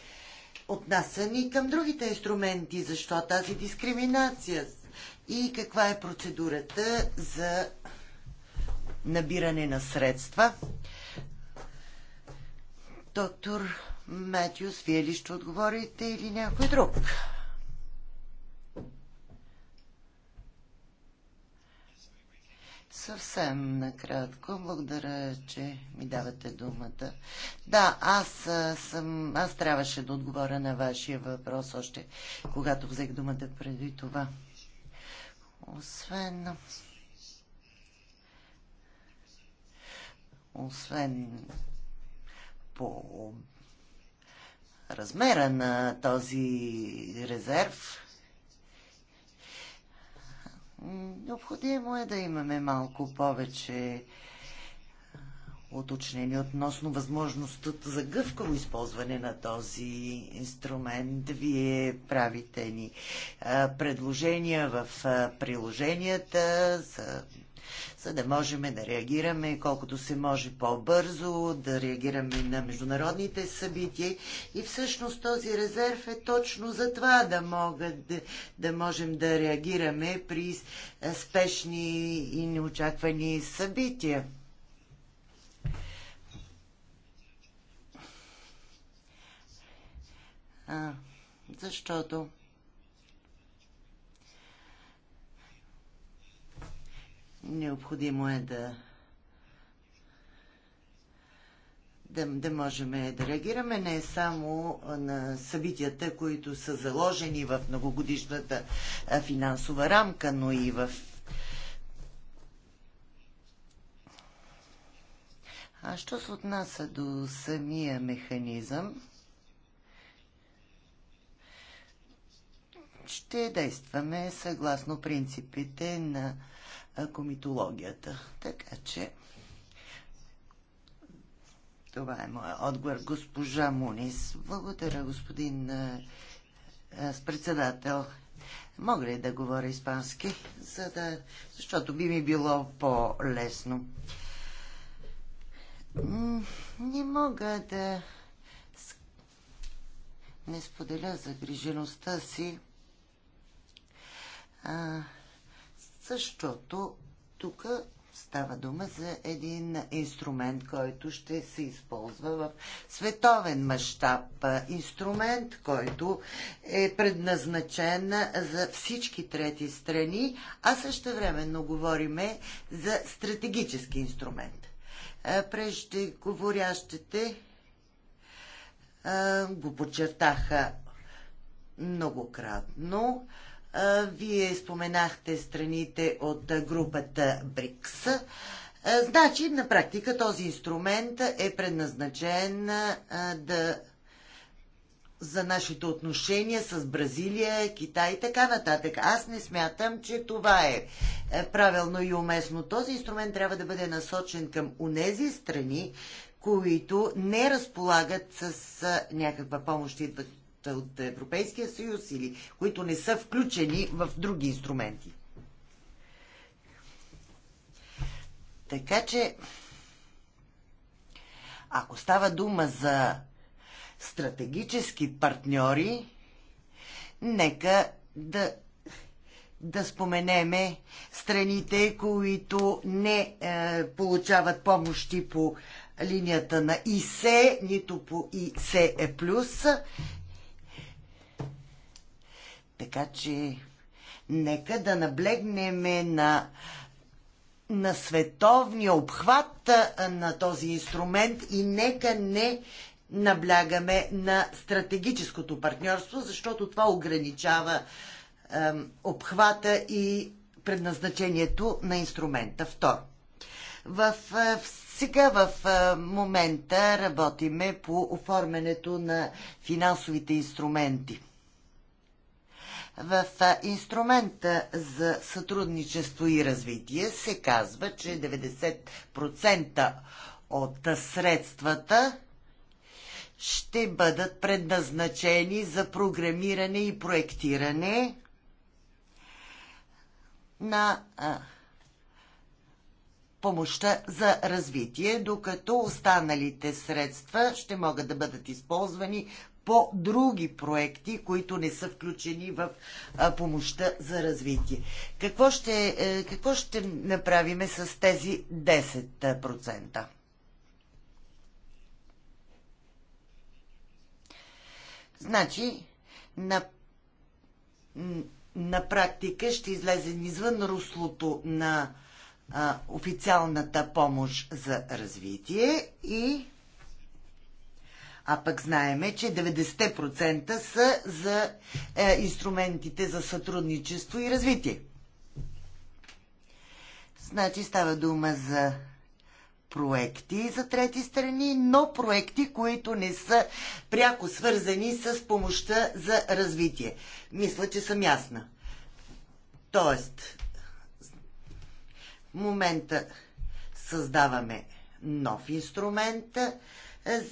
отнасян и към другите инструменти? Защо тази дискриминация? и каква е процедурата за набиране на средства. Доктор Матиус, вие ли ще отговорите или някой друг? Съвсем накратко. Благодаря, че ми давате думата. Да, аз съм. Аз трябваше да отговоря на вашия въпрос още, когато взех думата преди това. Освен освен по размера на този резерв, необходимо е да имаме малко повече уточнение относно възможността за гъвкаво използване на този инструмент. Вие правите ни предложения в приложенията за за да можем да реагираме колкото се може по-бързо, да реагираме на международните събития. И всъщност този резерв е точно за това да, могат, да, да можем да реагираме при спешни и неочаквани събития. а, защото необходимо е да да, да можем да реагираме не само на събитията, които са заложени в многогодишната финансова рамка, но и в. А що се отнася до самия механизъм? ще действаме съгласно принципите на комитологията. Така че това е моят отговор, госпожа Мунис. Благодаря, господин с председател. Мога ли да говоря испански, за да... защото би ми било по-лесно? Не мога да не споделя загрижеността си а, защото тук става дума за един инструмент, който ще се използва в световен мащаб. Инструмент, който е предназначен за всички трети страни, а също времено говориме за стратегически инструмент. говорящите, го подчертаха многократно. Вие споменахте страните от групата БРИКС. Значи, на практика този инструмент е предназначен да за нашите отношения с Бразилия, Китай и така нататък. Аз не смятам, че това е, е правилно и уместно. Този инструмент трябва да бъде насочен към унези страни, които не разполагат с някаква помощ, идват от, Европейския съюз или които не са включени в други инструменти. Така че, ако става дума за стратегически партньори, нека да, да споменеме страните, които не е, получават помощи по линията на ИСЕ, нито по ИСЕ+, така че нека да наблегнеме на, на световния обхват на този инструмент и нека не наблягаме на стратегическото партньорство, защото това ограничава е, обхвата и предназначението на инструмента. Второ, в, сега в момента работиме по оформянето на финансовите инструменти – в инструмента за сътрудничество и развитие се казва, че 90% от средствата ще бъдат предназначени за програмиране и проектиране на помощта за развитие, докато останалите средства ще могат да бъдат използвани по други проекти, които не са включени в помощта за развитие. Какво ще, е, какво ще направим с тези 10%? Значи, на, на практика ще излезем извън руслото на а, официалната помощ за развитие и а пък знаеме, че 90% са за е, инструментите за сътрудничество и развитие. Значи става дума за проекти за трети страни, но проекти, които не са пряко свързани с помощта за развитие. Мисля, че съм ясна. Тоест, в момента създаваме нов инструмент е,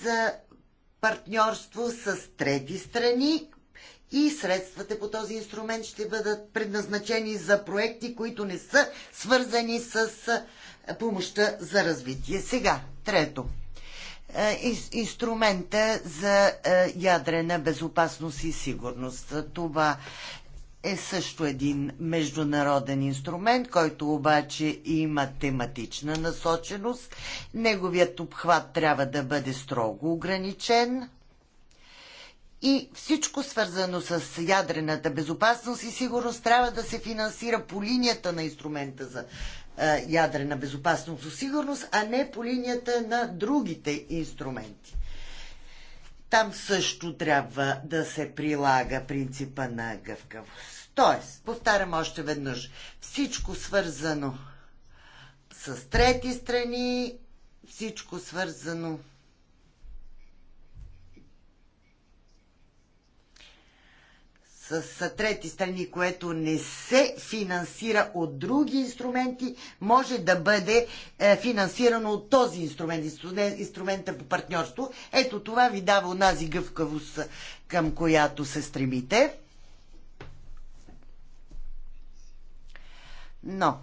за партньорство с трети страни и средствата по този инструмент ще бъдат предназначени за проекти, които не са свързани с помощта за развитие. Сега, трето. Инструмента за ядрена безопасност и сигурност. Това е също един международен инструмент, който обаче има тематична насоченост. Неговият обхват трябва да бъде строго ограничен. И всичко свързано с ядрената безопасност и сигурност трябва да се финансира по линията на инструмента за е, ядрена безопасност и сигурност, а не по линията на другите инструменти. Там също трябва да се прилага принципа на гъвкавост. Тоест, повтарям още веднъж, всичко свързано с трети страни, всичко свързано с, трети страни, което не се финансира от други инструменти, може да бъде е, финансирано от този инструмент, инструмента по партньорство. Ето това ви дава онази гъвкавост, е, към която се стремите. Но,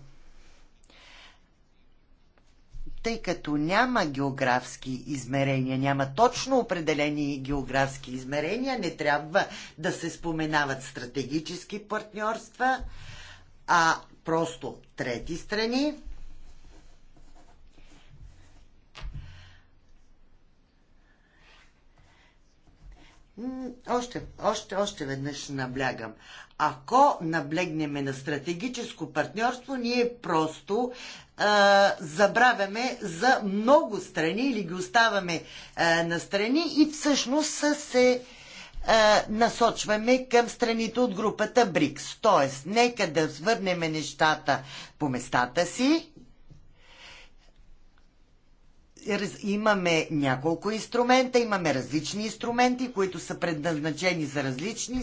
тъй като няма географски измерения, няма точно определени географски измерения, не трябва да се споменават стратегически партньорства, а просто трети страни. Още, още, още веднъж наблягам ако наблегнем на стратегическо партньорство, ние просто а, забравяме за много страни или ги оставаме а, на страни и всъщност се а, насочваме към страните от групата БРИКС. Тоест, нека да свърнем нещата по местата си. Имаме няколко инструмента, имаме различни инструменти, които са предназначени за различни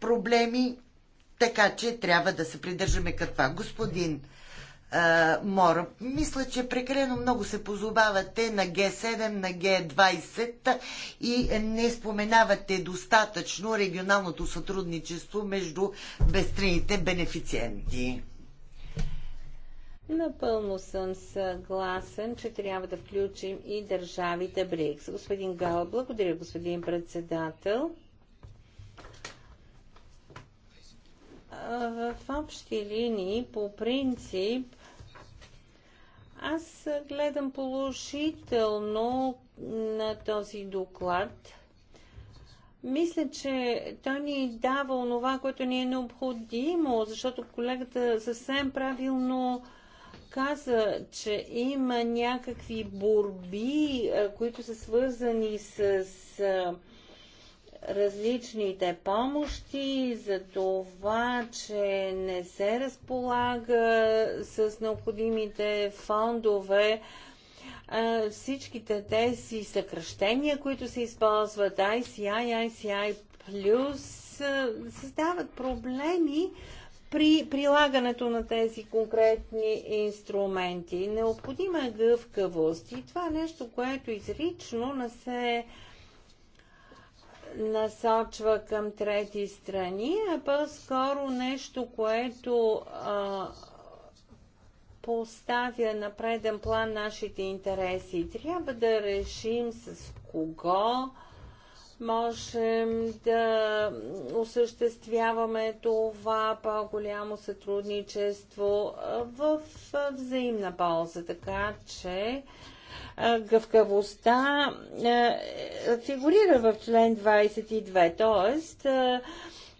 проблеми, така че трябва да се придържаме към това. Господин а, Мора, мисля, че прекалено много се позовавате на Г7, на Г20 и не споменавате достатъчно регионалното сътрудничество между безстрените бенефициенти. Напълно съм съгласен, че трябва да включим и държавите БРИКС. Господин Гала, благодаря, господин председател. В общи линии, по принцип, аз гледам положително на този доклад. Мисля, че той ни дава онова, което ни е необходимо, защото колегата съвсем правилно каза, че има някакви борби, които са свързани с различните помощи, за това, че не се разполага с необходимите фондове, всичките тези съкръщения, които се използват, ICI, ICI+, създават проблеми, при прилагането на тези конкретни инструменти. Необходима е гъвкавост и това е нещо, което изрично не се насочва към трети страни, а по-скоро нещо, което а, поставя на преден план нашите интереси. Трябва да решим с кого, а, можем да осъществяваме това по-голямо сътрудничество в взаимна полза. Така че гъвкавостта е, фигурира в член 22, т.е.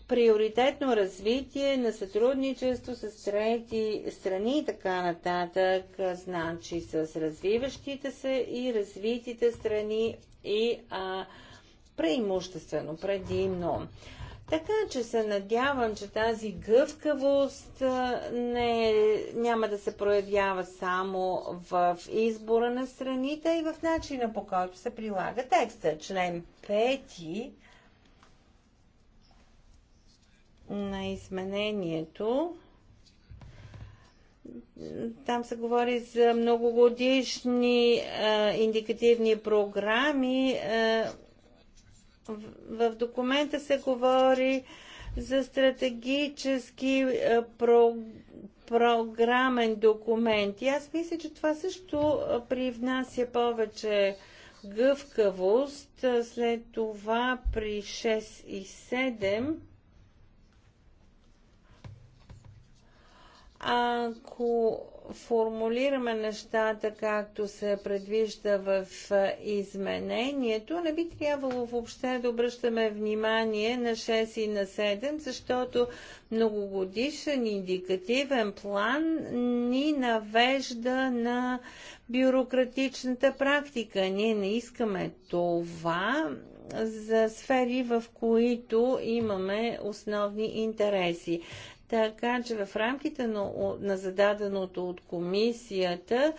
приоритетно развитие на сътрудничество с трети страни и така нататък, значи с развиващите се и развитите страни и а, преимуществено, предимно. Така че се надявам, че тази гъвкавост не, няма да се проявява само в избора на страните и в начина по който се прилага текста. Член 5 на изменението там се говори за многогодишни а, индикативни програми. А, в, в документа се говори за стратегически е, про, програмен документ. И аз мисля, че това също е, привнася повече гъвкавост. Е, след това при 6 и 7 ако формулираме нещата, както се предвижда в изменението, не би трябвало въобще да обръщаме внимание на 6 и на 7, защото многогодишен индикативен план ни навежда на бюрократичната практика. Ние не искаме това за сфери, в които имаме основни интереси. Така че в рамките на, на зададеното от комисията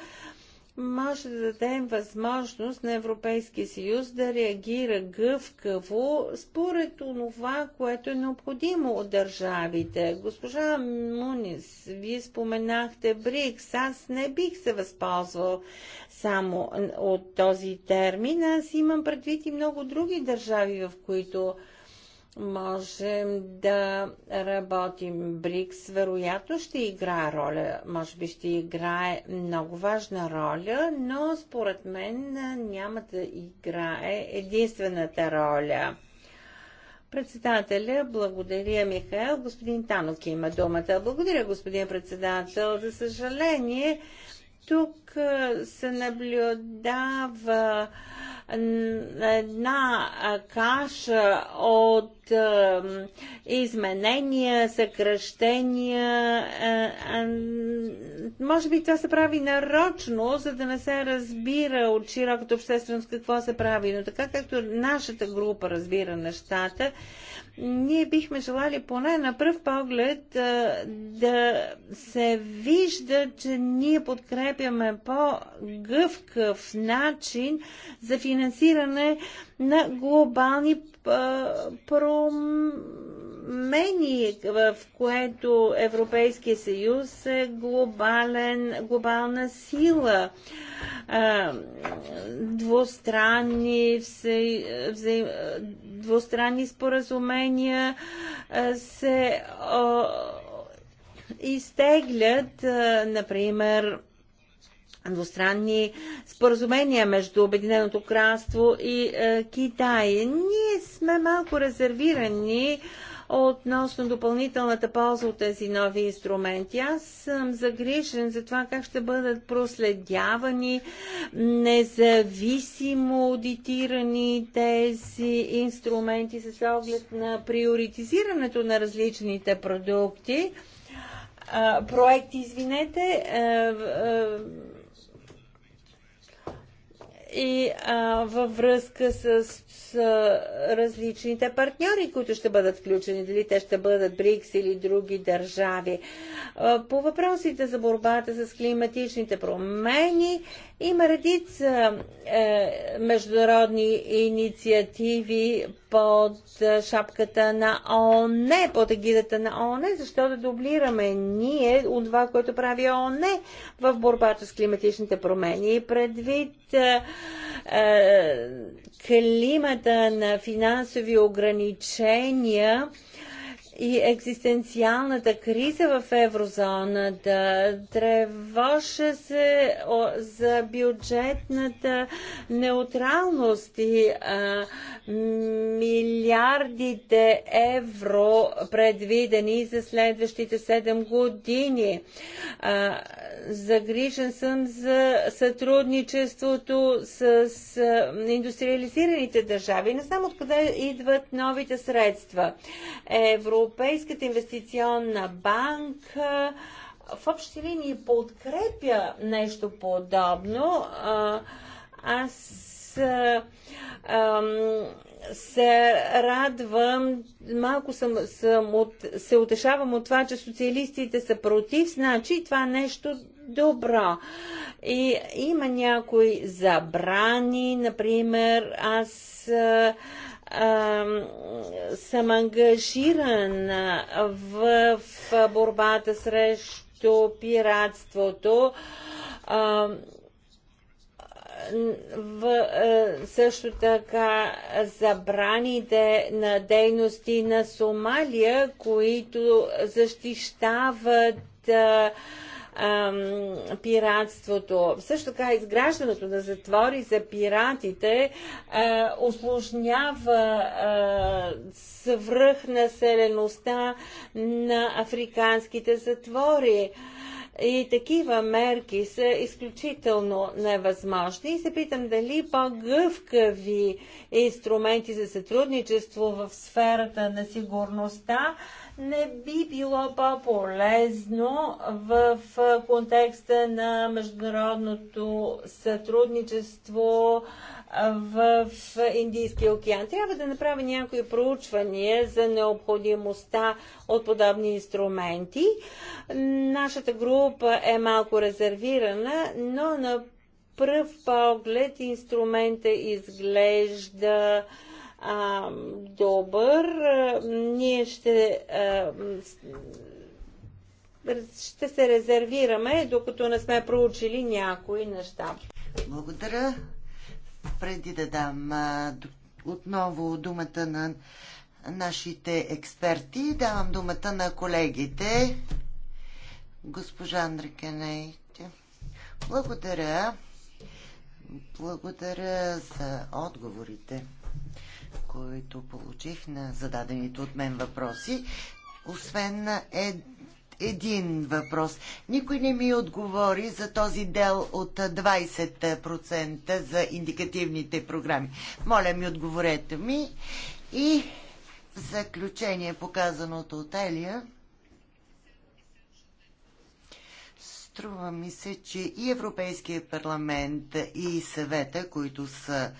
може да дадем възможност на Европейския съюз да реагира гъвкаво според това, което е необходимо от държавите. Госпожа Мунис, вие споменахте БРИКС. Аз не бих се възползвал само от този термин. Аз имам предвид и много други държави, в които можем да работим. БРИКС вероятно ще играе роля, може би ще играе много важна роля, но според мен няма да играе единствената роля. Председателя, благодаря Михаил. Господин Танок има думата. Благодаря, господин председател. За съжаление, тук се наблюдава една каша от изменения, съкръщения. Може би това се прави нарочно, за да не се разбира от широката общественост какво се прави, но така както нашата група разбира нещата, ние бихме желали поне на пръв поглед да се вижда, че ние подкрепяме по-гъвкав начин за финансиране на глобални промени умение, в което Европейския съюз е глобален, глобална сила. Двустранни, взаим, двустранни споразумения се изтеглят, например, двустранни споразумения между Обединеното кралство и е, Китай. Ние сме малко резервирани относно допълнителната полза от тези нови инструменти. Аз съм загрижен за това как ще бъдат проследявани, независимо аудитирани тези инструменти с оглед на приоритизирането на различните продукти Проекти, извинете, и а, във връзка с, с различните партньори, които ще бъдат включени, дали те ще бъдат БРИКС или други държави. А, по въпросите за борбата с климатичните промени има редица е, международни инициативи под е, шапката на ООН, под егидата на ООН, защо да дублираме ние от това, което прави ООН в борбата с климатичните промени. И предвид е, е, климата на финансови ограничения, е, и екзистенциалната криза в еврозоната. тревожа се за бюджетната неутралност и а, милиардите евро предвидени за следващите 7 години. А, загрижен съм за сътрудничеството с, а, индустриализираните държави. Не знам откъде идват новите средства. Евро Европейската инвестиционна банка в общи линии подкрепя нещо подобно. Аз се радвам, малко съм, съм от, се утешавам от това, че социалистите са против, значи това е нещо добро. И има някои забрани, например, аз съм ангажиран в, в борбата срещу пиратството. А, в, е, също така забраните на дейности на Сомалия, които защищават а, е, ам, пиратството. Също така изграждането на затвори за пиратите а, осложнява свръхнаселеността на африканските затвори. И такива мерки са изключително невъзможни. И се питам дали по-гъвкави инструменти за сътрудничество в сферата на сигурността не би било по-полезно в контекста на международното сътрудничество в Индийския океан. Трябва да направя някои проучвания за необходимостта от подобни инструменти. Нашата група е малко резервирана, но на пръв поглед инструмента изглежда а, а, добър. А, ние ще, а, ще се резервираме, докато не сме проучили някои неща. Благодаря. Преди да дам а, отново думата на нашите експерти, давам думата на колегите. Госпожа Андрекеней. Благодаря. Благодаря за отговорите които получих на зададените от мен въпроси, освен на ед... един въпрос. Никой не ми отговори за този дел от 20% за индикативните програми. Моля ми, отговорете ми. И в заключение, показаното от Елия, Струва ми се, че и Европейския парламент и съвета, които са,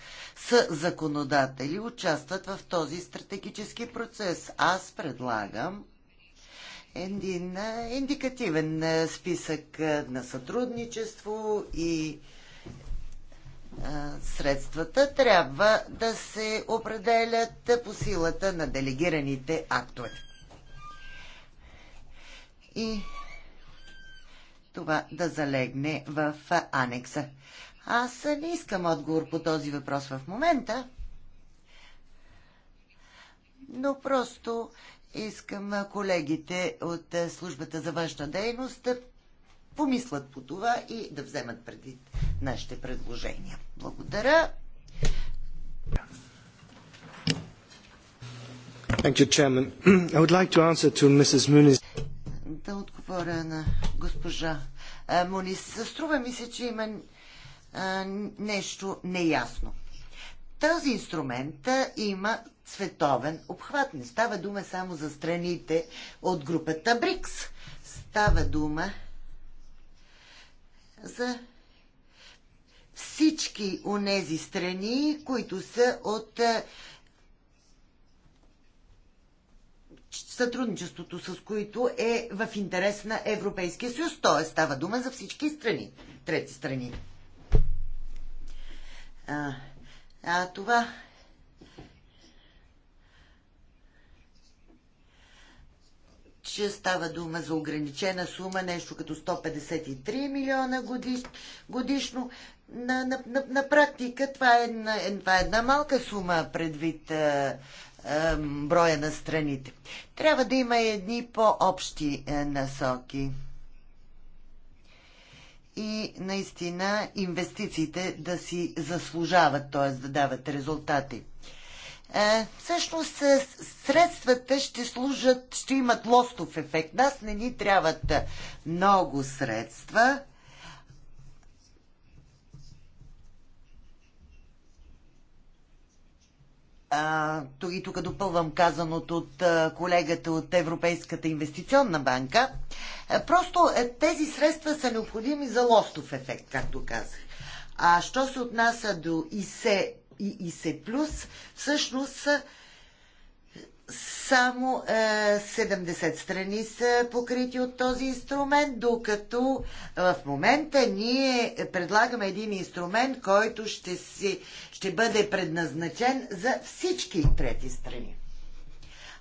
са законодатели, участват в този стратегически процес. Аз предлагам един индикативен списък на сътрудничество и средствата трябва да се определят по силата на делегираните актове. И това да залегне в анекса. Аз не искам отговор по този въпрос в момента, но просто искам колегите от службата за външна дейност да помислят по това и да вземат предвид нашите предложения. Благодаря. Thank you, Chairman. I would like to answer to Mrs. Muniz да отговоря на госпожа Монис. Струва ми се, че има нещо неясно. Този инструмент има световен обхват. Не става дума само за страните от групата БРИКС. Става дума за всички тези страни, които са от сътрудничеството с които е в интерес на Европейския съюз, т.е. става дума за всички страни, трети страни. А, а това че става дума за ограничена сума, нещо като 153 милиона годиш, годишно. На, на, на, на практика това е, една, е, това е една малка сума предвид броя на страните. Трябва да има едни по-общи е, насоки. И наистина инвестициите да си заслужават, т.е. да дават резултати. Е, всъщност е, средствата ще служат, ще имат лостов ефект. Нас не ни трябват много средства, и тук допълвам казаното от колегата от Европейската инвестиционна банка, просто е, тези средства са необходими за лостов ефект, както казах. А що се отнася до ИСЕ и ИСЕ+, всъщност само е, 70 страни са покрити от този инструмент, докато в момента ние предлагаме един инструмент, който ще, си, ще бъде предназначен за всички трети страни.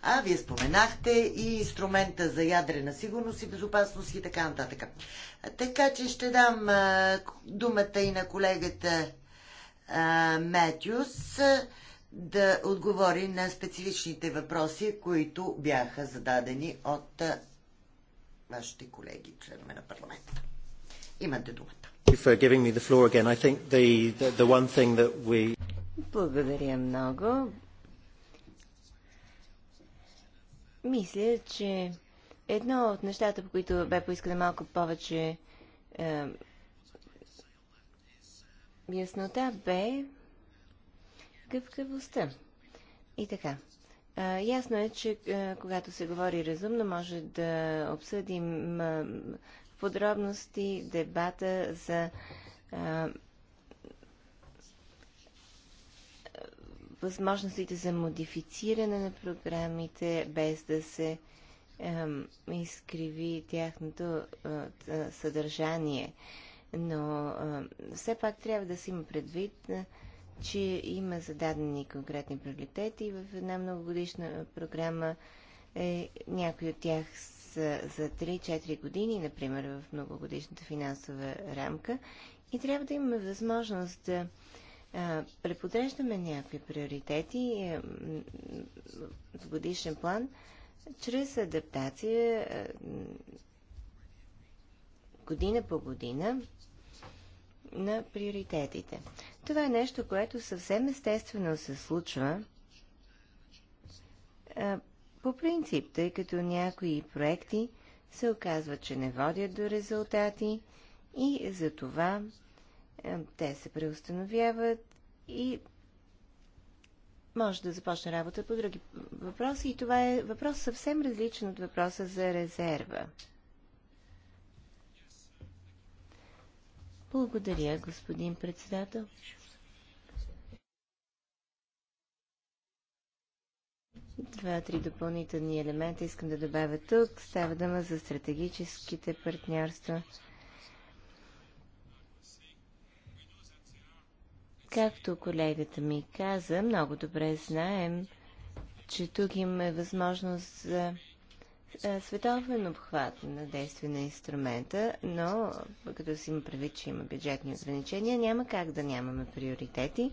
А вие споменахте и инструмента за ядрена сигурност и безопасност и така нататък. Така че ще дам е, думата и на колегата е, Метюс. Е, да отговори на специфичните въпроси, които бяха зададени от вашите колеги, членове на парламента. Имате думата. Благодаря много. Мисля, че едно от нещата, по които бе поискана малко повече е, яснота, бе гъвкавостта. И така. А, ясно е, че а, когато се говори разумно, може да обсъдим а, в подробности дебата за а, възможностите за модифициране на програмите, без да се а, изкриви тяхното а, съдържание. Но а, все пак трябва да си има предвид. А, че има зададени конкретни приоритети в една многогодишна програма е, някои от тях са за 3-4 години, например в многогодишната финансова рамка и трябва да имаме възможност да а, преподреждаме някакви приоритети е, в годишен план чрез адаптация е, година по година на приоритетите това е нещо, което съвсем естествено се случва по принцип, тъй като някои проекти се оказва, че не водят до резултати и за това те се преустановяват и може да започне работа по други въпроси и това е въпрос съвсем различен от въпроса за резерва. Благодаря, господин председател. Два-три допълнителни елемента искам да добавя тук. Става дума за стратегическите партньорства. Както колегата ми каза, много добре знаем, че тук имаме възможност за световен обхват на действие на инструмента, но като си има предвид, че има бюджетни ограничения, няма как да нямаме приоритети.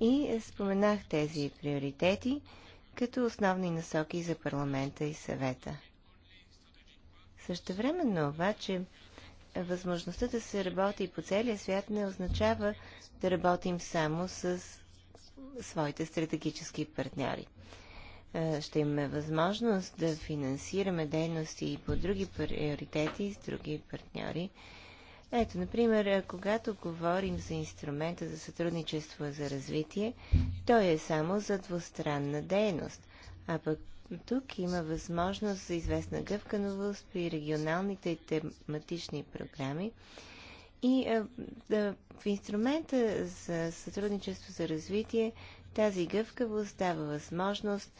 И споменах тези приоритети като основни насоки за парламента и съвета. Същевременно обаче възможността да се работи по целия свят не означава да работим само с своите стратегически партньори. Е, ще имаме възможност да финансираме дейности и по други приоритети с други партньори ето, например, когато говорим за инструмента за сътрудничество за развитие, той е само за двустранна дейност, а пък тук има възможност за известна гъвканост при регионалните и тематични програми. И а, да, в инструмента за сътрудничество за развитие тази гъвкавост дава възможност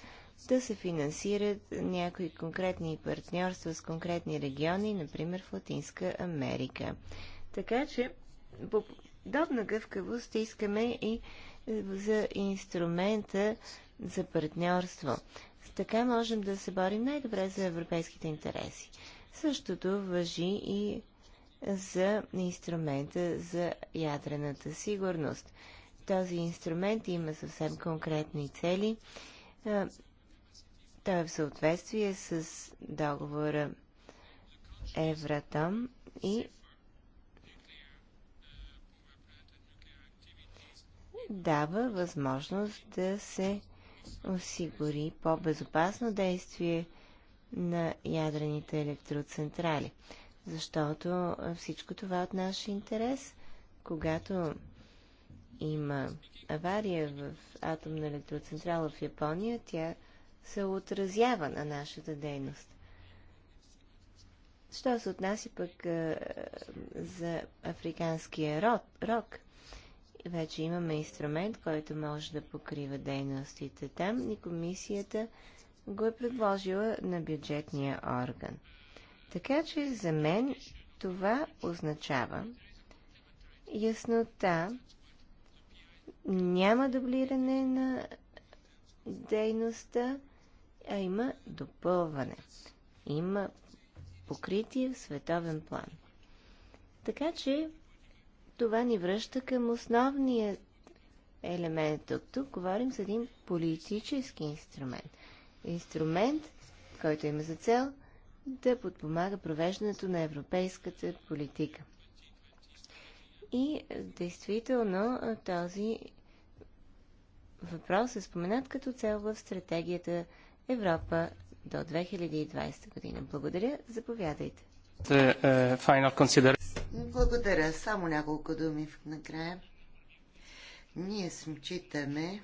да се финансират някои конкретни партньорства с конкретни региони, например в Латинска Америка. Така че по подобна гъвкавост искаме и за инструмента за партньорство. Така можем да се борим най-добре за европейските интереси. Същото въжи и за инструмента за ядрената сигурност. Този инструмент има съвсем конкретни цели то е в съответствие с договора Евратом и дава възможност да се осигури по-безопасно действие на ядрените електроцентрали. Защото всичко това е от наш интерес. Когато има авария в атомна електроцентрала в Япония, тя се отразява на нашата дейност. Що се отнася пък а, за африканския рок, вече имаме инструмент, който може да покрива дейностите там и комисията го е предложила на бюджетния орган. Така че за мен това означава яснота, няма дублиране на дейността, а има допълване. Има покритие в световен план. Така че това ни връща към основния елемент тук. Тук говорим за един политически инструмент. Инструмент, който има за цел да подпомага провеждането на европейската политика. И действително този въпрос е споменат като цел в стратегията Европа до 2020 година. Благодаря. Заповядайте. Е, е, Благодаря. Само няколко думи накрая. Ние смчитаме,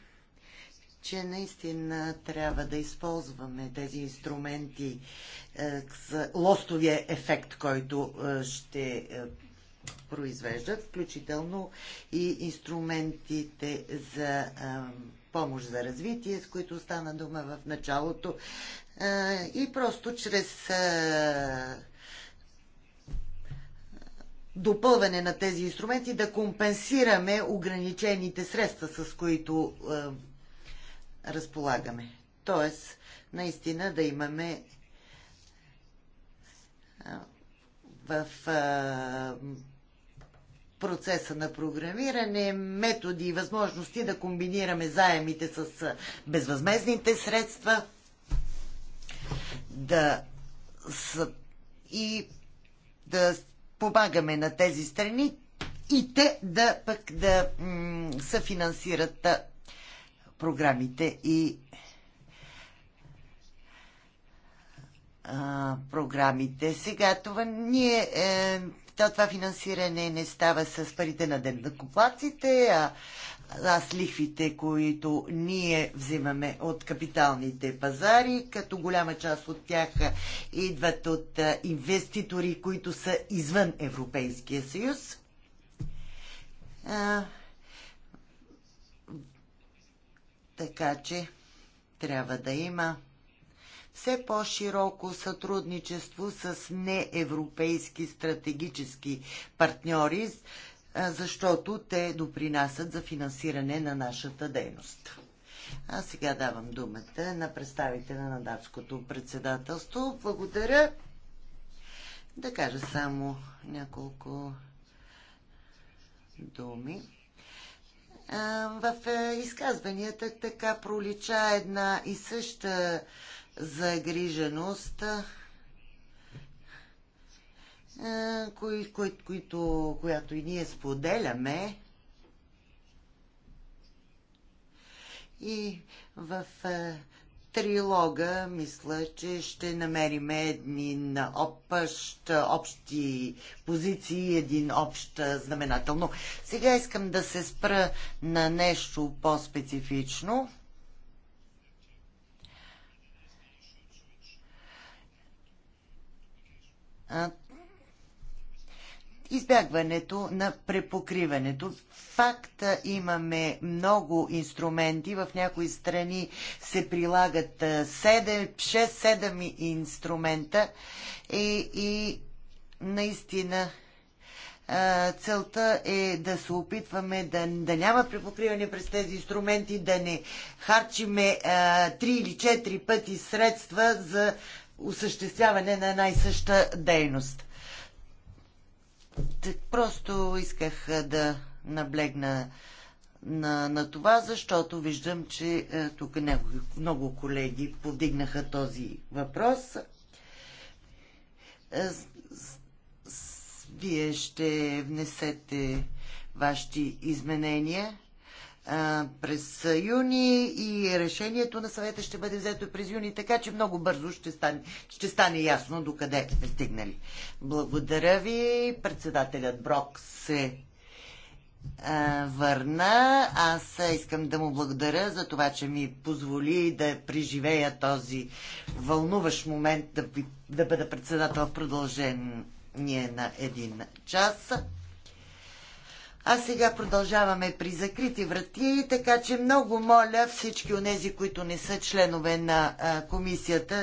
че наистина трябва да използваме тези инструменти с е, лостовия ефект, който ще произвеждат, включително и инструментите за помощ за развитие, с които стана дума в началото. И просто чрез допълване на тези инструменти да компенсираме ограничените средства, с които разполагаме. Тоест, наистина да имаме в процеса на програмиране, методи и възможности да комбинираме заемите с безвъзмезните средства, да с, и да помагаме на тези страни и те да пък да м- съфинансират програмите и а, програмите. Сега това ние. Е, то това финансиране не става с парите на денакоплаците, а, а с лихвите, които ние взимаме от капиталните пазари, като голяма част от тях идват от е, инвеститори, които са извън Европейския съюз. А, така че трябва да има все по-широко сътрудничество с неевропейски стратегически партньори, е, защото те допринасят за финансиране на нашата дейност. А сега давам думата на представителя на датското председателство. Благодаря. Да кажа само няколко думи. Е, в е, изказванията така пролича една и съща загриженост, кои, кои, които, която и ние споделяме. И в трилога мисля, че ще намерим един общ, общи позиции, един общ знаменател. Но сега искам да се спра на нещо по-специфично. избягването на препокриването. Факта имаме много инструменти. В някои страни се прилагат 6-7 инструмента и, е, и наистина целта е да се опитваме да, да няма препокриване през тези инструменти, да не харчиме 3 или 4 пъти средства за осъществяване на една и съща дейност. Просто исках да наблегна на, на това, защото виждам, че е, тук някои, много колеги повдигнаха този въпрос. вие ще внесете вашите изменения през юни и решението на съвета ще бъде взето през юни, така че много бързо ще стане, ще стане ясно докъде сте стигнали. Благодаря ви. Председателят Брок се върна. Аз искам да му благодаря за това, че ми позволи да преживея този вълнуващ момент да, да бъда председател в продължение на един час. А сега продължаваме при закрити врати, така че много моля всички от тези, които не са членове на комисията,